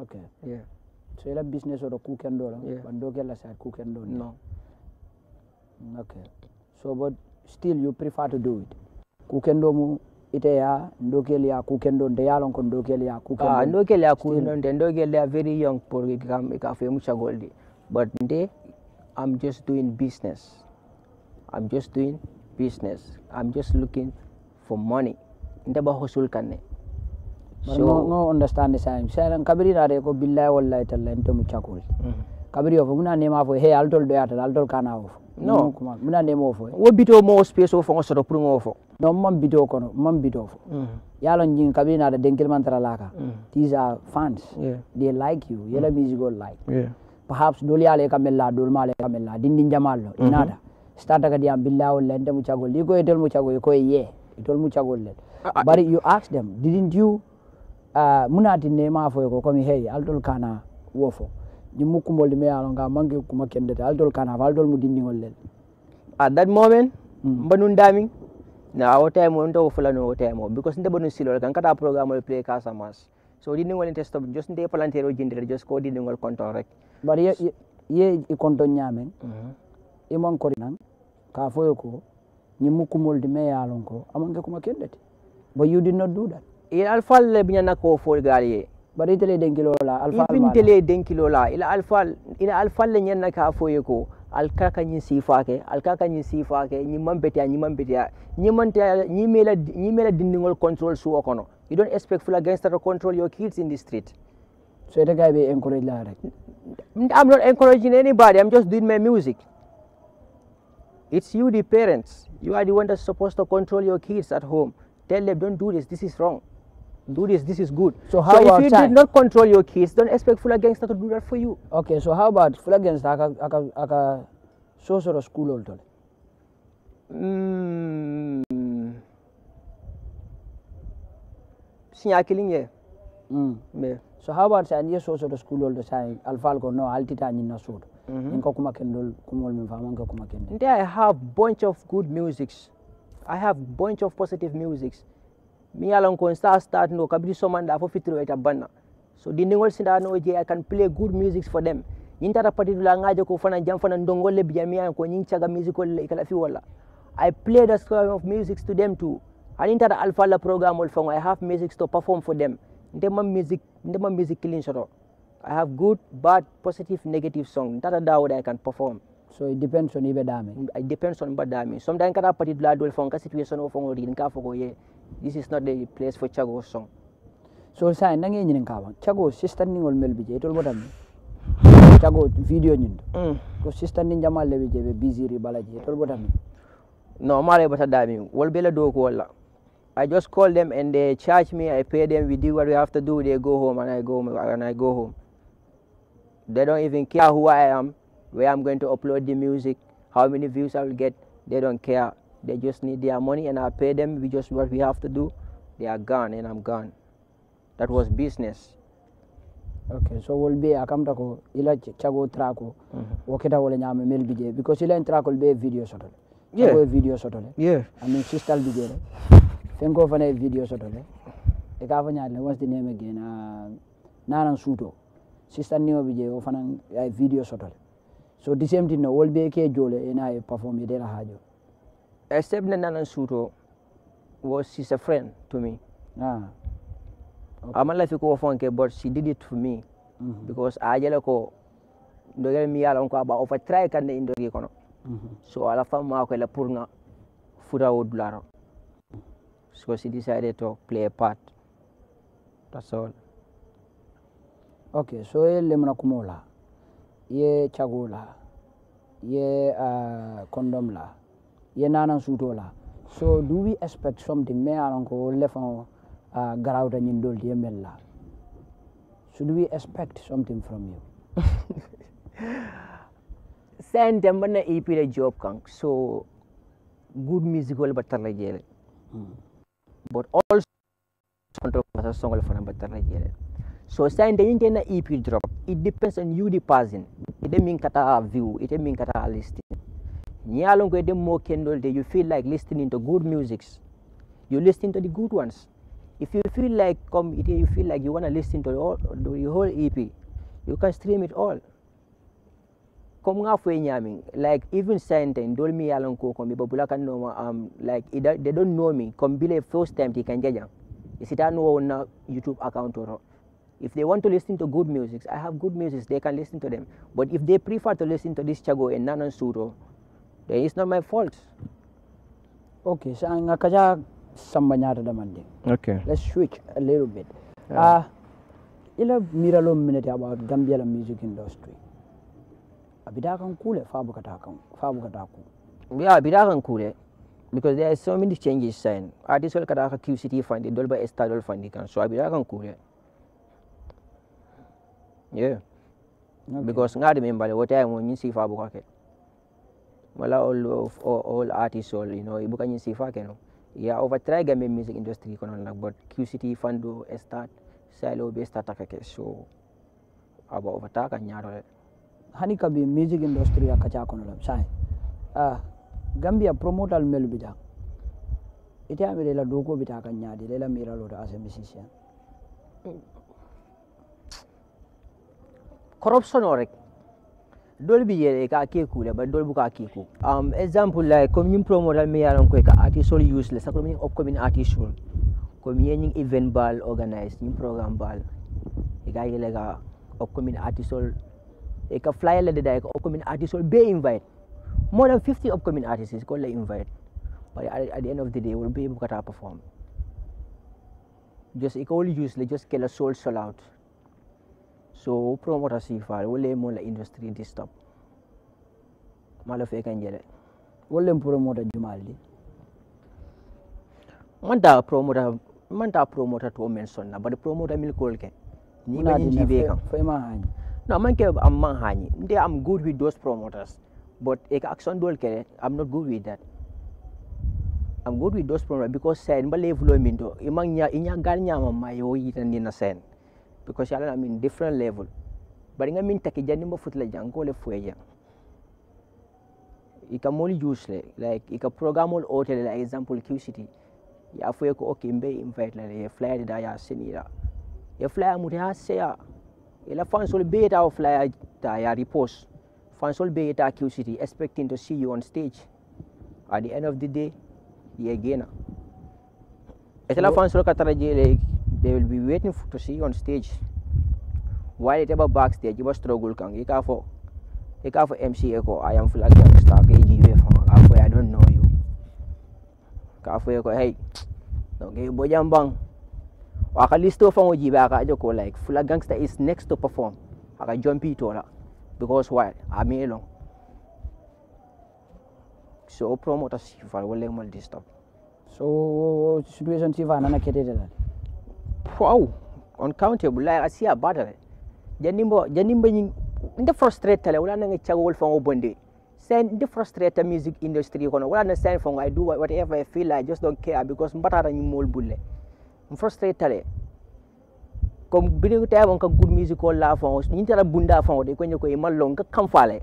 okay yeah so ila business oro ku kendo la yeah. but ndoge la set ku kendo no okay so but still you prefer to do it ku kendo mu ite ya ndokeli ya kukendo nde yalon ko ndokeli ya kukendo ah ndokeli ya kukendo nde ndokeli ya very young pour ikam ikafemu chagoldi but nde i'm just doing business I'm just doing business. I'm just looking for money. Ndeba husul kanne. So no, no understand the same. Sailan kabiri na reko billa wallahi italento nto muchakul. Mm-hmm. Kabiri ofo muna nema ofo hey altol do yatal altol kana ofo. No mm, muna nema ofo. Eh. Wo bito mo space ofo ngo soro prungo ofo. No man bito kono man bito ofo. Mm-hmm. Yalo jin kabiri na dengkel mantra laka. Mm-hmm. These are fans. Yeah. They like you. Yela music go like. Yeah. Perhaps doli ale kamella dol male kamella dindin jamallo inada. Mm -hmm starta kadi yam billawol lende muccagol ɗi koye tol muccagol koye yee e tol muccagol lel bari you ask them didn't you uh, munatinne ma foye ko komi heewi altol kana wo fo ɗi mukkugol ɗi meyalo nga manque kuma kendete altol kana fa altol mo dindigol at that moment hmm. mbanum damin na wo mo on taw fulano wo mo because nde ɓanum silol kan kata programme ol play casamas so dindigol inte testo just nde plantere o just ko dindigol conton kontorek but ye ye e conton ñamen mm-hmm. imankori nan ka foyo ko ñimmu kumolde meyalon ko amanke kuma kendete but you did not do that ila alfal le biñana ko folgal ye bari tele denkilola alfal ibin tele denkilola ila alfal ila alfal le ñanna ka foyo ko alkaka ñin sifake alkaka ñin sifake ñi mambetea ñi mambetea ñi manta ñi mela ñi mela dindingol control suwo kono you don't expect fula gangster to control your kids in the street so ite guy be encourage la rek i'm not encouraging anybody i'm just doing my music It's you, the parents. You are the one that's supposed to control your kids at home. Tell them, don't do this, this is wrong. Do this, this is good. So, how so about if you time? did not control your kids, don't expect Fula Gangster to do that for you. Okay, so how about Fula Gangster, aka, aka, aka of school old Mm. Sinya killing, yeah. Mm. so how about sa so soso to schoolol to alfal ko no altita so do mhm. en ko kuma kendol kumol min ko kuma ken nde i have bunch of good musics i have bunch of positive musics mi alon ko sa start no man somanɗa fo fitro eta banna so dindigol no je i can play good musics for them ñin tata particular ngaje ko fana jam fana le biya mi an ko ñin caga musical le kala fi walla i play the story of musics to them too anin tata alfalla programme ol fango i have musics to perform for them ndema music ndema music kilin sort I have good, bad, positive, negative song. That are what I can perform. So it depends on ibe dami. It depends on ibe dami. Sometimes kada particular dole for situation of ngo rin ka for ye. This is not the place for chago song. So sa nangi nyin ka bang. Chago sister ni ngol mel bije itol bodam. Chago video nyin. Mm. Ko sister ni jamal le bije be busy ri balaji itol bodam. No mare bata dami. Wol bela do ko wala. I just call them and they charge me. I pay them. We do what we have to do. They go home and I go and I go home. They don't even care who I am, where I'm going to upload the music, how many views I will get. They don't care. They just need their money and I pay them. We just what we have to do. They are gone and I'm gone. That was business. Okay, so we'll be a come to ila chago trako. Wakita mm-hmm. wole nyame mel bije because ila trako be video sotole. Yeah. Video sotole. Yeah. I mean sister bije. fenko fana e vidéo sotole e ka fañaade wasde neme gen a nanan suuto sistanniwoɓe jeey o fana a vidéo sotole so dixiéme tinno wol ɓe ke joole ena e parfom yedela haajo e sebne nanan suuto wo sise frane tumi ama lafi ko wo fonke bot si didit fo mi mhm. because a ajele ko ndogel mi yala on ko aɓa ofa trai kande indogi kono mhm. so ala fammako ele pour nga futawo dularo So she decided to play a part. That's all. Okay, so ile mnakumula ye chagula ye uh, condom la ye nana suto so do we expect something me anan ko lefan uh, garawta ñin dol ye mel la should we expect something from you sen dem na EP le job kan so good musical but jele hmm. but also controversial song of Nigeria. So sign the internet EP drop. It depends on you the person. It didn't mean kata view. It didn't mean kata listening. Nyalong the more candle day you feel like listening to good musics. You listen to the good ones. If you feel like come you feel like you wanna listen to all the whole EP, you can stream it all. Come nga fo nyami like even sente don't me alone. ko mi people can no um like they don't know me come bile first time ti kan jaja isita no na youtube account or if they want to listen to good music i have good music they can listen to them but if they prefer to listen to this chago and nanan suro then it's not my fault okay so uh, nga kaja sambanyata damande okay let's switch a little bit yeah. uh ila miralo minute about gambia music industry bida kan kule fabu kata kan fabu kata ku yeah bida kan kule because there are so many changes sign artist will kata QCT fund dolba estadol fund kan so bida kan kule yeah okay. because ngadi membale wote ay mo nyin sifa bu kake wala all of all, all artists all you know ibu kanyin sifa ke no ya over try game music industry kono like but QCT fund do start silo be start kake so aba over ta kan nyaaro hani kabi music industry ya kacha kono lam sai ah gambia promoter melu bija ite amire la doko bita kan nyaade lela mira lo da ase musician corruption orek dole bi yere ka ake ku le ba dole bu ka ake ku um example like community promoter me yaran ko ka artist all useless ko min upcoming artist all ko mi yen event bal organize ni program bal e ga yele ga upcoming artist all they ka flyer le dai upcoming artists will be invited. more than 50 upcoming artists is going called invite but at, at, the end of the day we will be able to perform just it all use le just kela soul sold out so promoter si far wala mo la industry di stop mala fe kan jere wala promoter jumaldi man da promoter man da promoter to mention na but promoter mil kolke ni ma di be kan No, I'm man hani. There I'm good with those promoters. But action dol I'm not good with that. I'm good with those promoters because I'm ba level mindo. Imang nya inya gal nya mama yo yitan ni na Because yala I in different level. But nga min take jani mo futla jango le fueja. Ika moli use le like ika program all hotel like example QCity. Ya fueko okay mbe invite like ya flyer da ya senira. Ya flyer mu ya se ya. ila fansol beta of flyer ta ya repose fansol beta qct expecting to see you on stage at the end of the day ye gena itala fansol katara jele they will be waiting to see you on stage while it about backstage you struggle kang ika for ika for mc eko i am flag gangster kgf afwe i don't know you ka afwe eko hey don't give bojambang waka listo fango jibe aka aje ko like fula gangster is next to perform aka jumpy to la because why mean long so promoter sifar wala mal disturb so situation sifar nana kedede la wow uncountable like I see a battle janimbo janimbo nying nde frustrate la wala nanga chagol fango bonde send the frustrated music industry kono wala na send fango i do whatever i feel i just don't care because mbatara nyimol bulle m frustrate tale comme bini ta bon ka good music wala fon ni tara bunda fon de ko nyako e mallon ka kam fale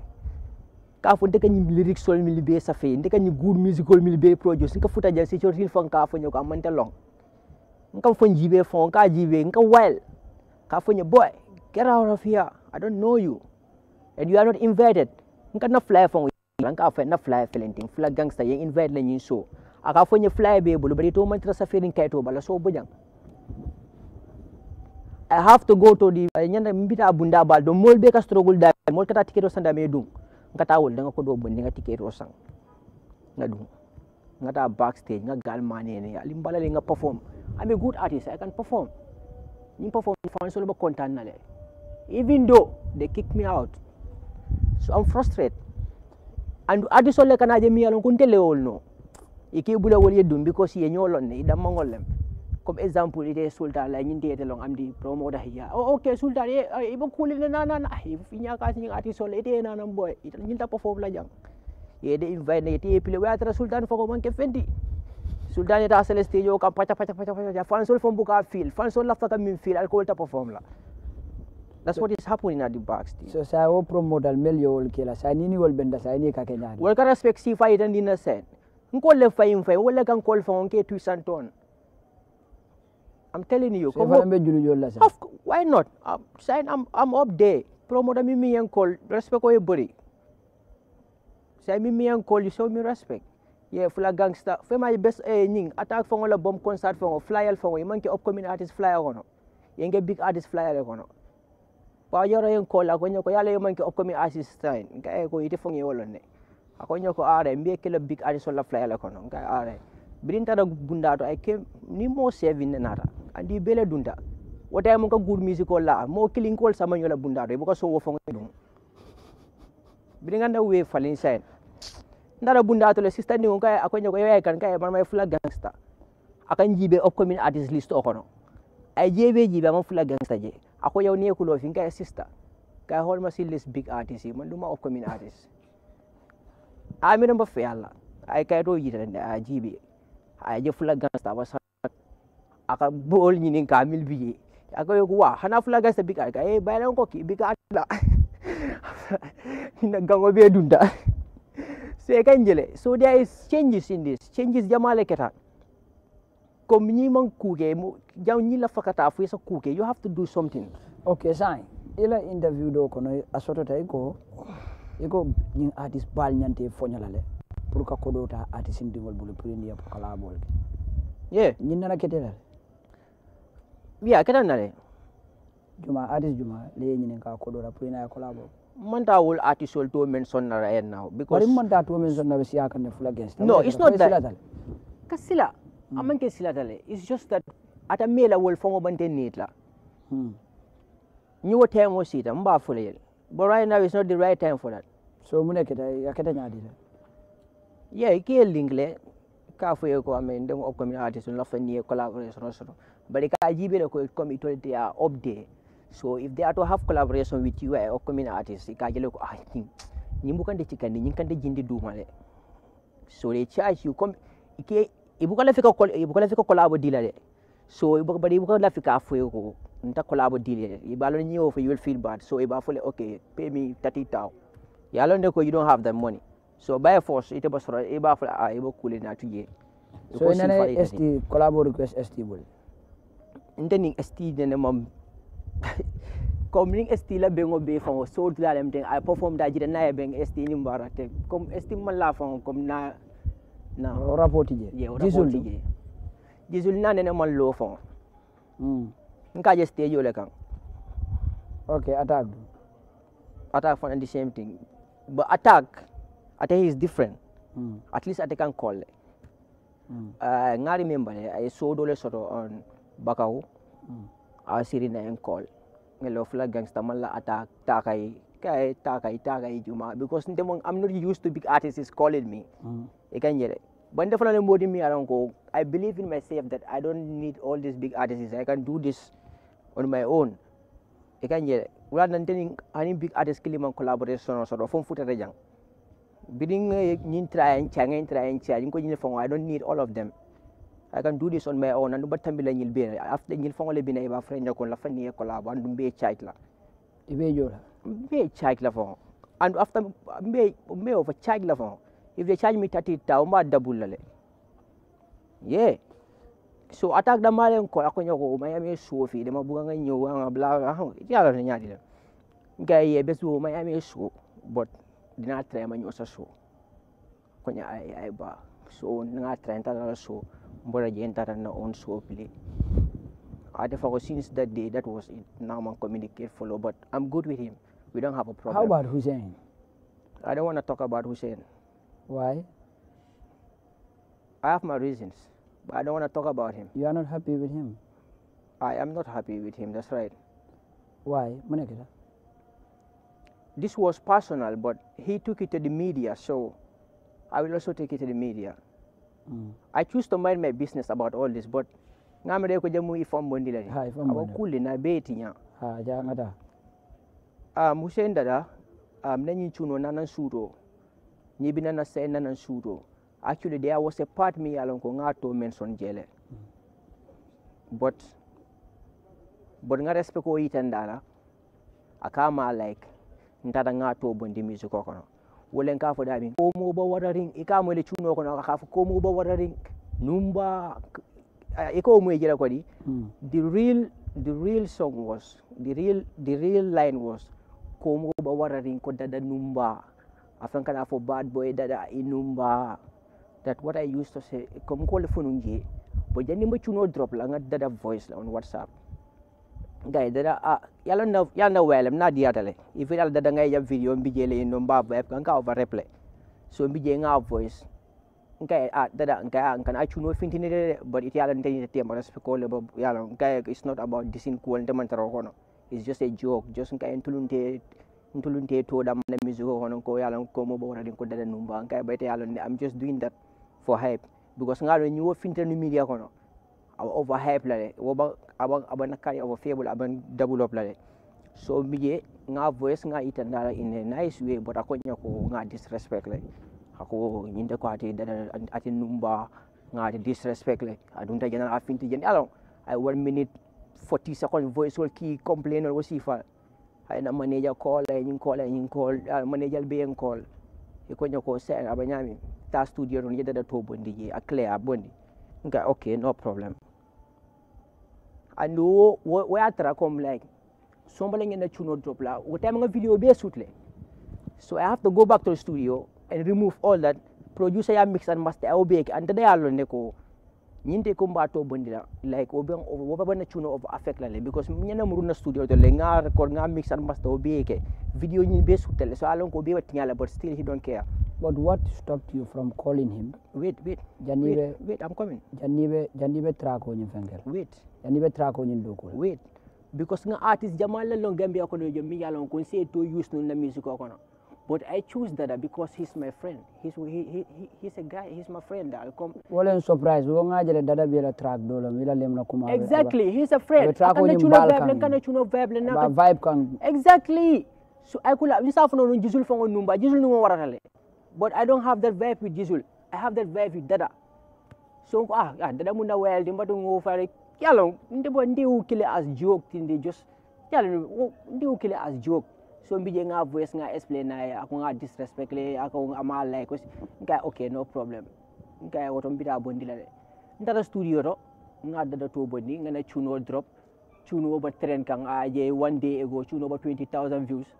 ka fo deka ni lyrics sol mi libe safi deka ni good musical mi libe produce ka futa jasi chortin fon ka fo nyako amanta long nka fo jibe fon ka jibe nka wild ka fo boy get out of here i don't know you and you are not invited nka na fly fon nka fa na fly felenting flag gangster invite la nyin so aka fonye fly be bulu bari to mantra safirin kai to bala so bujang i have to go to the eh, nyanda mbita bunda bal do mol ka struggle da mol kata ticket osan da me dum ngata wol da ko do bon nga ticket osan nga dum ngata backstage nga gal mane ne ali mbala le nga perform i'm a good artist i can perform ni perform fan so ba content na le even though they kick me out so i'm frustrated and artist ole kana je mi alon kunte le wol no iki bula wol yeddum ya because ye ya ñolonne i dammagol lem comme exemple ite sulta la nyinde tiyete long am di promo da hiya o oh, ok sulta ye eh, eh, ibo kulina nanan ah nya ka si ngati sol ite na boy ñin tappo perform la jang ye ya, de invite ne ite pile wa tra sultan fako man ke fendi sultan eta celeste yo pata pacha pacha pacha pacha fan sol fom buka feel fan sol la faka min feel alcohol ta perform la That's what is happening at the box. So sa wo oh, promote al mel yo wol kela sa nini wol benda sa ni ka kenyani. Wol ka respect si fa nkolle fayin fayin wala kan kol fa onke tu santon I'm telling you why not um, sign I'm up there promoter mi mi en respect ko e bori say mi mi en kol show me respect yeah fula gangster fe my best eh attack fo ngola bomb concert fo flyer fo ngoy manke upcoming artist flyer kono yenge big artist flyer e kono ba yoro en kol agonyo ko yale manke upcoming artist sign ga e ko ite fo ngoy wolone akonya ko are mbiye kila big ari solla flayala kono ga are birin tara bunda to ake ni mo sevin nata andi bele dunda wota ya mo ka good music la mo killing call sama nyola bunda to so wo fongo e dum birin anda we falin sen ndara bunda to le sister ni ko akonya ko yaya kan kay ya, man may fula gangsta akan jibe upcoming artist list o kono ay jebe jibe man fula gangsta je ako yaw ne ko lo fin kay ya, sister kay hol ma list big artist man duma upcoming artist I'm amina ba fe yalla ay kay to yita ne a jibe I je fula gangsta ba aka I can't biye aka yoku wa hana fula gangsta bi ka ay eh, bayan ko ki bi ka da ina gango be dunda sai kan jele so there is changes in this changes jamale keta comme ñi man kuuge mo jaw ñi la fakata fu sa kuuge you have to do something okay sai ila interview do kono asoto tay ko iko ñing artist bal ñante foñalale pour ka kodota artist ndingol bulu pour ndiya pour kala bol ke ye ñin nana ketelal wiya ketan nale juma artist juma le ñin ka kodora pour na kala bol manta wol artist wol to men sonna right now because bari manta to men sonna be siya kan fula against no it's not that kasila mm. amanke sila hmm. tale it's just that ata mela wol fongo bante netla hmm ñiwo tengo sita mba fula yel but right now it's not the right time for that somune keta aketa ñaadita yeey kiye lingle ka foye ko ame ndem o communication la fanni collaboration soto bari ka jibe ko comme itol te a obde so if they are to have collaboration with you o eh, artist ka jele ah ni mbukan de cikandi ni kan de jindi so they charge you comme ke ibu kala fika ibu kala fika collabo dilale so ibu bari ibu kala fika foye ko nta collabo dilale ni you will feel bad so iba fole okay pay me thirty thousand ya ko you don't have the money so by force ita basra e ba fula ah, a ibo kule na tuje so ina ne st collabo request st bol inda st ne mam comme st la bengo be fa so la i perform da jida na beng st ni mbarate comme st man la fa comme na na rapporti je je rapporti je jisul na ne man lo fa mm nka je stage yo le kan okay attack attack for the same thing but attack, attack is different. Mm. At least attack can call. Mm. Uh, I remember eh, I saw dole sort on Bakau. Mm. I see him yung call. love fla gangster man attack takay kay takay takay juma because I'm not used to big artists calling me. Mm. hear it. But nte fla nembodi mi around go. I believe in myself that I don't need all these big artists. I can do this on my own. I can hear it. We wala nanteni any big artist kilima collaboration or do fon futata jang bidding eh, nyin try and change and try and change ko nyin fon i don't need all of them i can do this on my own and ba tambi la nyil bien after nyil fon le bina iba friend ko la fani ko la bandu be charge la ibe jola be charge la fon and after be be over child, la fon if they charge me 30 ta o ma double yeah so attaque da malen ko ko nyoko ma yami so fi de ma buga nyo wa bla bla ha ya la nya dile ga ye be so ma yami so but dina try ma nyosa so ko nya ai ai ba so nga try ta la so mbora je enta na on so play I therefore since that day that was it now man communicate follow but I'm good with him we don't have a problem how about Hussein I don't want to talk about Hussein why I have my reasons I don't want to talk about him. You are not happy with him? I am not happy with him, that's right. Why? This was personal, but he took it to the media, so I will also take it to the media. Mm. I choose to mind my business about all this, but ngamede ko jamu ifam bondi lari. Ha ifam bondi. Awakuli na beti nya. Ha Um ah, Hussein dada, um ah, nanyi chuno nanan suro, nyibina na sen nanan actually there was a part mi yalon ko ga to menson jeele but but ga respect ko yitandala a kama like ntata ga to bo ndi musique o kono wolen ka fo ɗami komo ba wara ring i kamo le cunno kono aka fo komo ba wara ring numba iko mue jeɗa kodi hmm. the real the real song was the real the real line was komo ba wara ring ko dada numba afan kata fo bad boy dada i numba that what I used to say, come call the phone je, but then you know drop lang at that voice on WhatsApp. Guy, that ah, uh, uh, yala na yala na well, I'm not the other. If yala that ngay yung video, mbi jele in number web kang ka over replay. So mbi jele nga voice. Guy, ah, that guy, ang kan I chuno fintinere, but it yala nte nte mo na spekola, but yala guy, it's not about this in cool nte man taro It's just a joke. Just guy intulunte intulunte to da man music kono ko yala ko mo bora din ko dada numba. Guy, but yala I'm just doing that for help, because nga ni wo finte ni media kono aba over hype la le wo ba aba aba nakari over fable aba develop la so mije nga voice nga itandala in a nice way but akonya ko nga disrespect le ako nyinde ko ati ati numba nga disrespect le adunta general afinti jen alon i one minute 40 second voice will key complain or wasifa ay na manager call ay nyin call ay nyin call manager be call ikonya ko sen aba that studio ron yeda da to bondi ye akle a bondi nga okay no problem and wo wo atra come like somebody ngena chuno drop la wo time nga video be sutle so i have to go back to the studio and remove all that producer ya mix and master i will bake and today i learn ko oh, ñinte ko mbato bondira like o ben o baba na chuno of affect la le because nyana muruna studio to le nga record nga mix and master video ñi be su tele so alon ko be wat nyala but still he don't care but what stopped you from calling him wait wait janibe wait, wait i'm coming janibe janibe trako ñi fengel wait janibe trako ñi doko wait because nga artist jamal la lo gambia ko do jom mi yalon ko se to use no na music ko kono But I choose Dada because he's my friend. He's, a guy, he's my friend. I'll come. Walen surprise. We won't get Dada be a Exactly. He's a friend. Track with him vibe le na. vibe kan. Exactly. So I could have myself no jisul fango numba jisul nungo waratale. But I don't have that vibe with jisul. I have that vibe with Dada. So ah, ah, Dada muna well. Dimba tu ngo fare. kile as joke. Tinde just. Yalo. Ndiu so mbije nga voice nga explain naye ako nga disrespect le ako ama like ko nga okay no problem nga woto mbita bondi la de ndara studio to nga dada to bondi nga na chuno drop chuno ba trend kan a je one day ago chuno ba 20000 views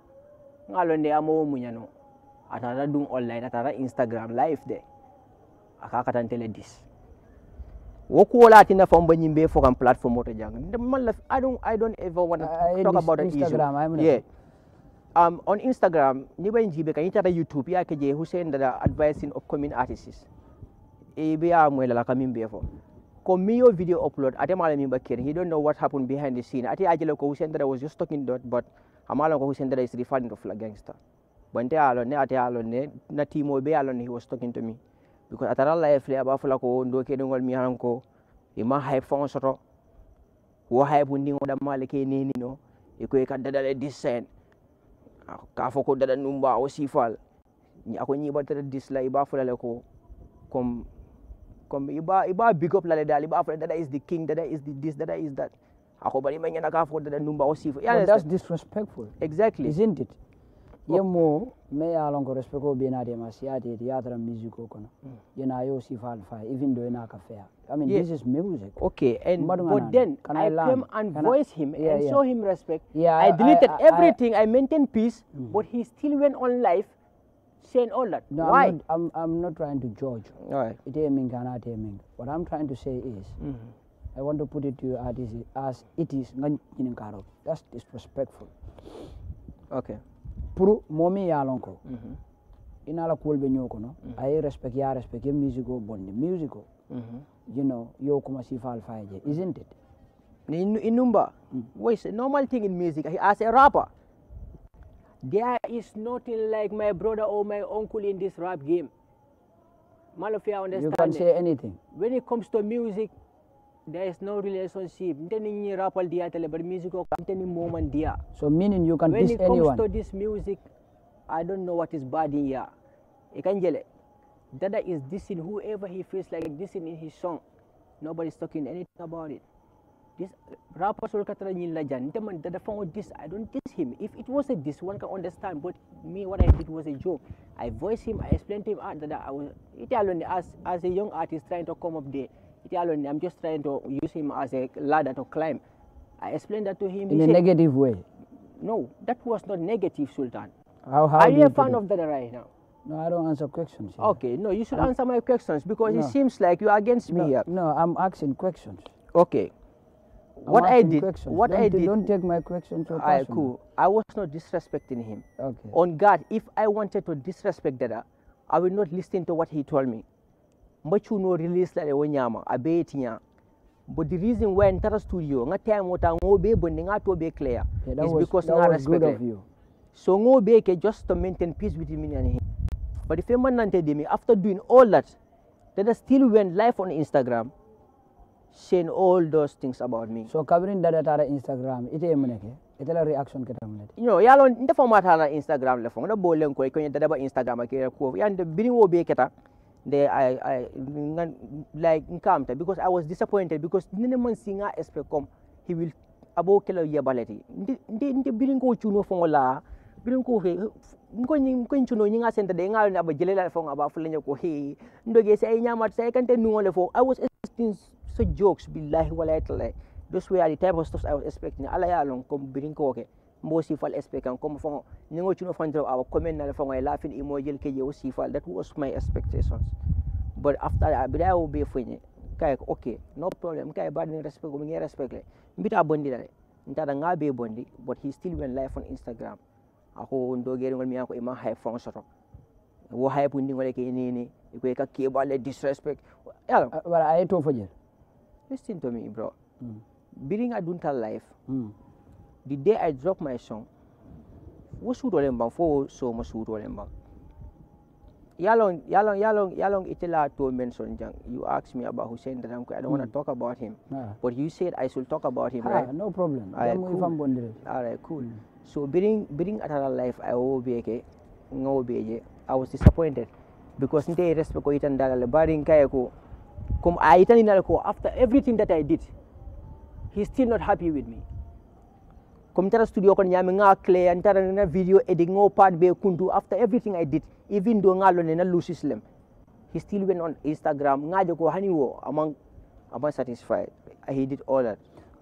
nga londe amo munyano atara dum online atara instagram live de akakatantele 10 wokuwolati nafa omba ñimbe fo kam plateforme oto jang man la i don't i don't ever want to talk about that issue yeah um, on Instagram, niba njibe kan itara YouTube ya keje Hussein da advising upcoming artists. E eh, be a mo la kamin be fo. Ko miyo video upload ate mala mi bakir. He don't know what happened behind the scene. Ate ajelo ko Hussein da was just talking that, but amala ko Hussein da is referring to flag gangster. Bante alo ne ate alo ne na timo be alo ne he was talking to me. Because atara la fle aba fla ko ndo ke dongol mi hanko. Ima hype fon soto. Wo hype ndi ngoda mala ke nini no. Iko e kadada le descent ka fo ko daɗan ɗum ba o sifal ako ñiɓatata disla iba fulale ko comme comme iba iba big up lale dal iba fulale dada is the king dada is the this dada is that ako bari ma na ka fo ko daɗan ɗum ba o well, that's disrespectful exactly isn't it yemmo me ya lon ko respect ko bena dema siyatete yatara musique o kono mm. yena yo sifal fa even though yena ka feya i mean yes. this is music okay and Madunga but then can i, I came and can voiced I, him yeah, and yeah. show him respect yeah i deleted I, I, everything i, I maintained peace mm. but he still went on live saying all that no, why I'm not, I'm, I'm not trying to judge all right what i'm trying to say is mm -hmm. I want to put it to you as it is. That's disrespectful. Okay pour moo min ye a lon ko mhm. i naala mhm. respect ye respect ye musique bonni musique mhm. you know yo kuma sifaal faye je isn't it in, in numba mm. normal thing in music as a rapper there is nothing like my brother or my uncle in this rap game Malafia understand you can say anything when it comes to music there is no relationship nteni rappel dia tele but music ko moment dia so meaning you can when diss anyone when it comes to this music i don't know what is bad in here ikanjele dada is dissing whoever he feels like dissing in his song nobody's talking anything about it this rapper Sol Katara Lajan, Dada found this, I don't diss him. If it was a diss, one can understand, but me, what I did was a joke. I voice him, I explained to him ah, that I was, it alone, as, as a young artist trying to come up there, I'm just trying to use him as a ladder to climb. I explained that to him. In he a said, negative way? No, that was not negative, Sultan. How, how Are you a fan of that right now? No, I don't answer questions. Here. Okay, no, you should I'm, answer my questions because no. it seems like you're against no, me here. No, I'm asking questions. Okay. I'm what I did, questions. what don't, I did, don't take my questions. So I cool. I was not disrespecting him. Okay. On God, if I wanted to disrespect that, I will not listen to what he told me you know, release la wo nyama abe tinya but the reason why entire studio nga time wata ngo be but nga to be clear yeah, is was, because nga respect of you so ngo be ke just to maintain peace between me and him but if man nante me after doing all that that still went live on instagram saying all those things about me so covering that at instagram ite emne ke itala reaction ke tamne you know yalo nda format ala instagram le fon da bolen ko ko nda ba instagram ke ko yande bini wo be keta they I, I like encounter because I was disappointed because nene man singa expect come he will abo kela yabaleti ndi ndi bilingo chuno fongola bilingo he ko nyi ko chuno nyi nga senta de nga na ba jelela fonga ba fulenya ko he ndoge Say nyamat sai kante nuole fo I was expecting so jokes billahi wala tala those were the type of stuff I was expecting ala ya long come bilingo ke okay. mbo sifal sp comme fon ningo cuno fondiro awa commune nal fon e lafin imojel je o sifal that was my expectations but after abida will be fini kay ok no problem kay ni respect mi respect le mbita bondi dale da nga be bondi but he still went live on instagram ako ndo gere ngol mi ko ima hay fon soto wo hay pundi ngole ke ni ni ko e ka ke balle disrespect yalo wala ay to fojel listen to me bro mm. being a life mm. the day I dropped my song, wo suudolen For fo wo sooma suudolen ban yalong, yalong, yalong. yalon itela to mention jang you asked me about Hussein Daramko I don't mm. want to talk about him ah. but you said I should talk about him ah, right no problem all right cool, all right, cool. Mm. so a during atala life I wo beke ngawo beje I was disappointed because nte respect ko itan dalale barin kay that, comme a itan dalale after everything that I did he's still not happy with me comme tara studio kon ñaami nga clé an tara na video editing o part be kuntu after everything i did even do nga lone na lucis lem he still went on instagram ngaje ko hani wo among among satisfied he did all that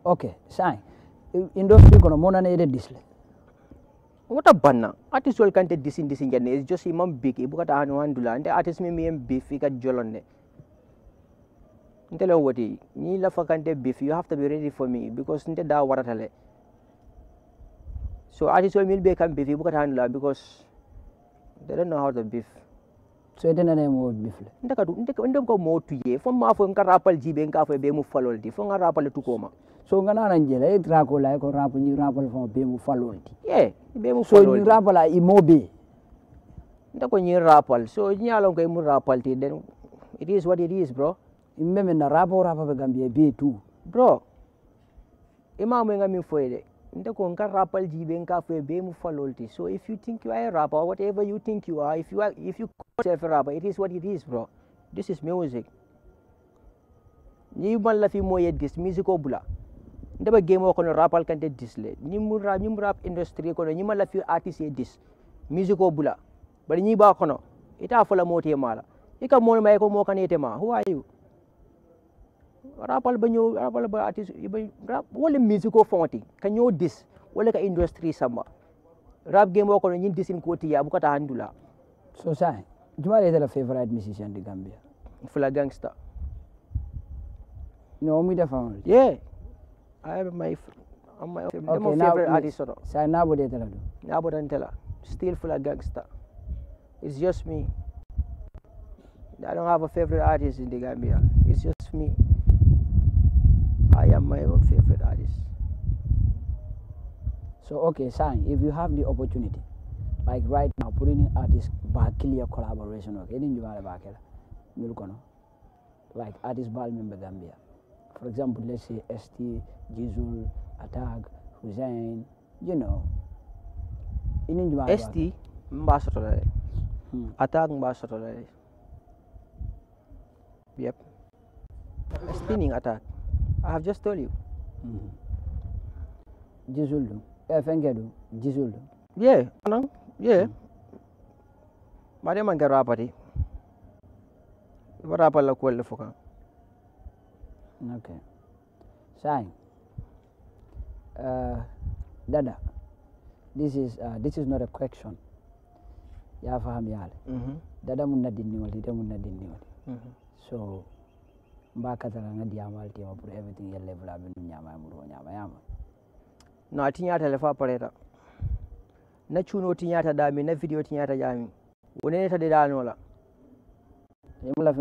okay sai indo studio kono mona na edit disle wata banna artist wol kante disin disin janne is just imam big ibukata hanu handula ante artist mi mi em beef ikat jolonne ntele wati ni lafa kante beef you have to be ready for me because nte da waratale So artichoke meal be can beef buka handle because they don't know how to beef. So ita nana mo beef le. Ndaka du to ndem ko mo tuye fo ma fo nka rapal jibe nka fo be mu falol i fo nga rapal tu ko ma. So nga nana njela e tra ko la ko rapal ni rapal fo be mu falol di. Yeah, be mu falol. So ni rapal a imobe. Ndako ni rapal. So you ni alon ko mu rapal ti Then it is what it is bro. Imeme na rapo rapo be gambia be tu. Bro. Imamu nga min foyede nda konka rappal jiben ka fwe be mu falolti so if you think you are a rapper whatever you think you are if you are if you call yourself a rapper it is what it is bro this is music ni man la fi moye dis musico bula. Ndaba game wako no rapal kan de dis le ni mu rap ni mu rap industry ko no ni man la fi artist e dis musico bula. bari ni ba ko no ita fala mote mala ika mon may ko mo kan ma who are you rapal ba ñëw rapal ba artiste ba wala musique fonti ka ñoo dis wala ka industry sama rap game ko ñin dis ko ya bu ko ta handula so sa juma le la favorite musician de gambia fula gangster no mi da yeah i have my I'm my okay, favorite artist or sai na bo de tala do na bo dan tala still fula gangster it's just me I don't have a favorite artist in the Gambia. It's just me. I am my own favorite artist. So okay, sign if you have the opportunity, like right now, putting artist bakilia collaboration okay, in Jumala Bakela, Nulkono. Like artist Bal member Gambia. For example, let's say ST, Jizul, Attack, Hussein, you know. In Jumala ST Mbasotore. Hmm. Attack Mbasotore. Yep. Spinning attack. I have just told you. Mm-hmm. Jizulu. Efengedu. Jizulu. Yeah. Anang. Yeah. Mm. Mari man gara pati. Bara pala ko le foka. Okay. Sai. Uh, Dada, this is uh, this is not a question. Ya fahamu yale. Mm -hmm. Dada munna dinni wali, dada munna dinni wali. Mm So mbakatala nga ndiyamal tema pour everything ye level aɓe num ñama e muɗum o ñama yama no a tiñata le fa pareta na cuno tiñata ɗami na vidéo tiñata ƴami woneneta ɗeɗanola yemo lafi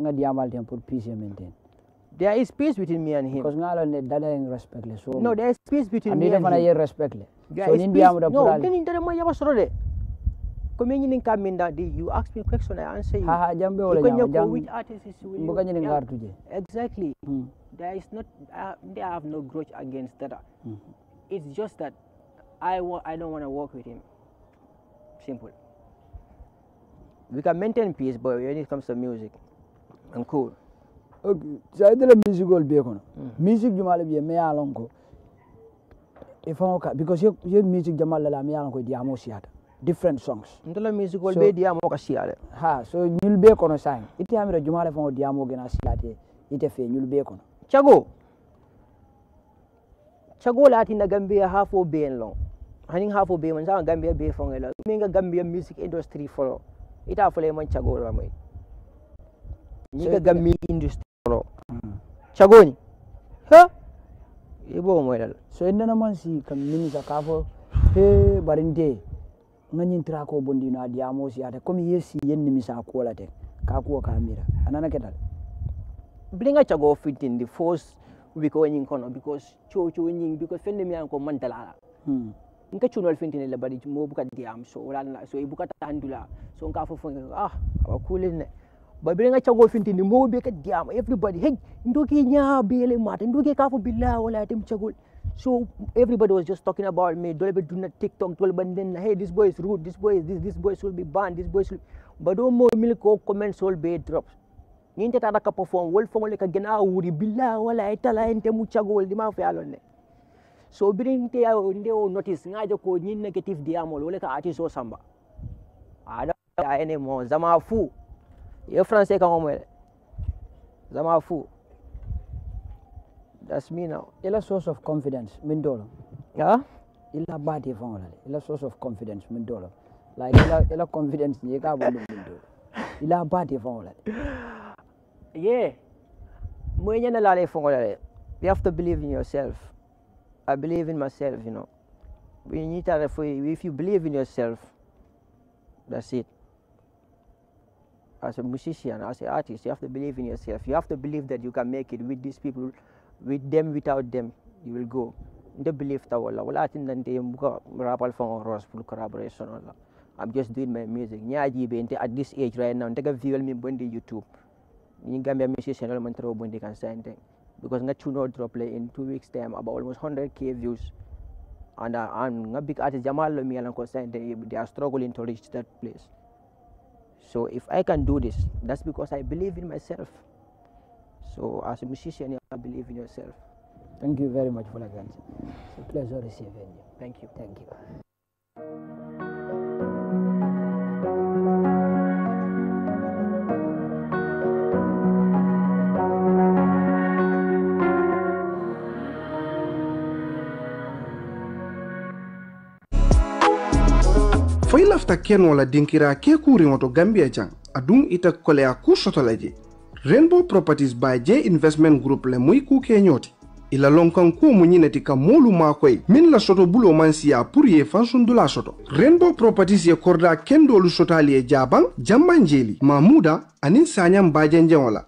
nga ndiyamal tem pour piece e maintain there is peace between me and him. Because ngalo ne dada yang respect le. So no, there is peace between and me and him. And respect le. There so is peace. No, then intare mo yaba soro de. di you ask me question i answer you jambe which artist is exactly hmm. there is not uh, They have no grudge against that hmm. it's just that i i don't want to work with him simple we can maintain peace but when it comes to music i'm cool okay I musical be music jumala be me yalon ko e because your yo music jamal la me yalon ko different songs ntola music wol be diyamo ka siya de ha so ñul be kono sang ite amira jumale fon diyamo gena silate ite fe ñul be kono cago cago lati na gambia hafo be en long hanin hafo be man sa gambia be fon ela minga gambia music industry folo ita fole man cago la mai ni ga gambia industry folo mm. cago ni ha ibo mo dal so indana man si kam mini zakafo he barinde nga ñintira ko bondino a diyamo siyata comme ye si yen nimisa kolate ka kuwo ka mira anana ketal bilinga cago fitindi fo wiko ñing kono because coco ñing because fende miyan ko mantalala hmm. nka cunol fintini le bari mo buka diyam so wala so i buka tandula so nka fo fo ah aba kulin ne babire nga chago fintini mo be ka diyam everybody hey ndoki nya bele mata ndoki ka fo billahi wala tim chagol So everybody was just talking about me. Dolbe do not TikTok, Dolbe then hey this boy is rude, this boy is this, this boy should be banned, this boy should but don't more milk or comments all be drops. Niente tata ka perform, wol fong le ka gena wuri bila wala itala ente mucha gol di ma fe alone. So birin te ya nde o notice ngaje ko nyin negative di amol wala ka artist o samba. Ada ya ene mo zama fu. Ye français ka mo zama fu. that's me now ila source of confidence min Yeah. ila body fongola ila source of confidence min like ila ila confidence ni ka bo min ila body yeah mwenye na lale fongola you have to believe in yourself i believe in myself you know we need to if you believe in yourself that's it as a musician, as an artist, you have to believe in yourself. You have to believe that you can make it with these people with them without them you will go the belief that wala I think nan te mbuka rapal fon rose collaboration i'm just doing my music nyaaji be at this age right now ndega visual mi bondi youtube ni gambia musician wala man tro bondi kan sente because nga chuno drop play in two weeks time about almost 100k views and uh, am a big artist jamal me mi ko they are struggling to reach that place so if i can do this that's because i believe in myself So as a musician, I believe in yourself. Thank you very much, Fulagans. It's a pleasure receiving you. Thank you. Thank you. foyi lafta ken wala dinkira ke kuriŋo to gambiya jaŋ aduŋ ita koleya ku soto la je rainbow properties by j investment group le muy kuke la ila lonkankuo mu ñineti ka moolu maakoyi min la soto bulo man siya pour ye fansundula soto rainbow properties ye korda kendolu sotali ye jaban jambanjeli mamuda anin saɲan bajenjeŋo la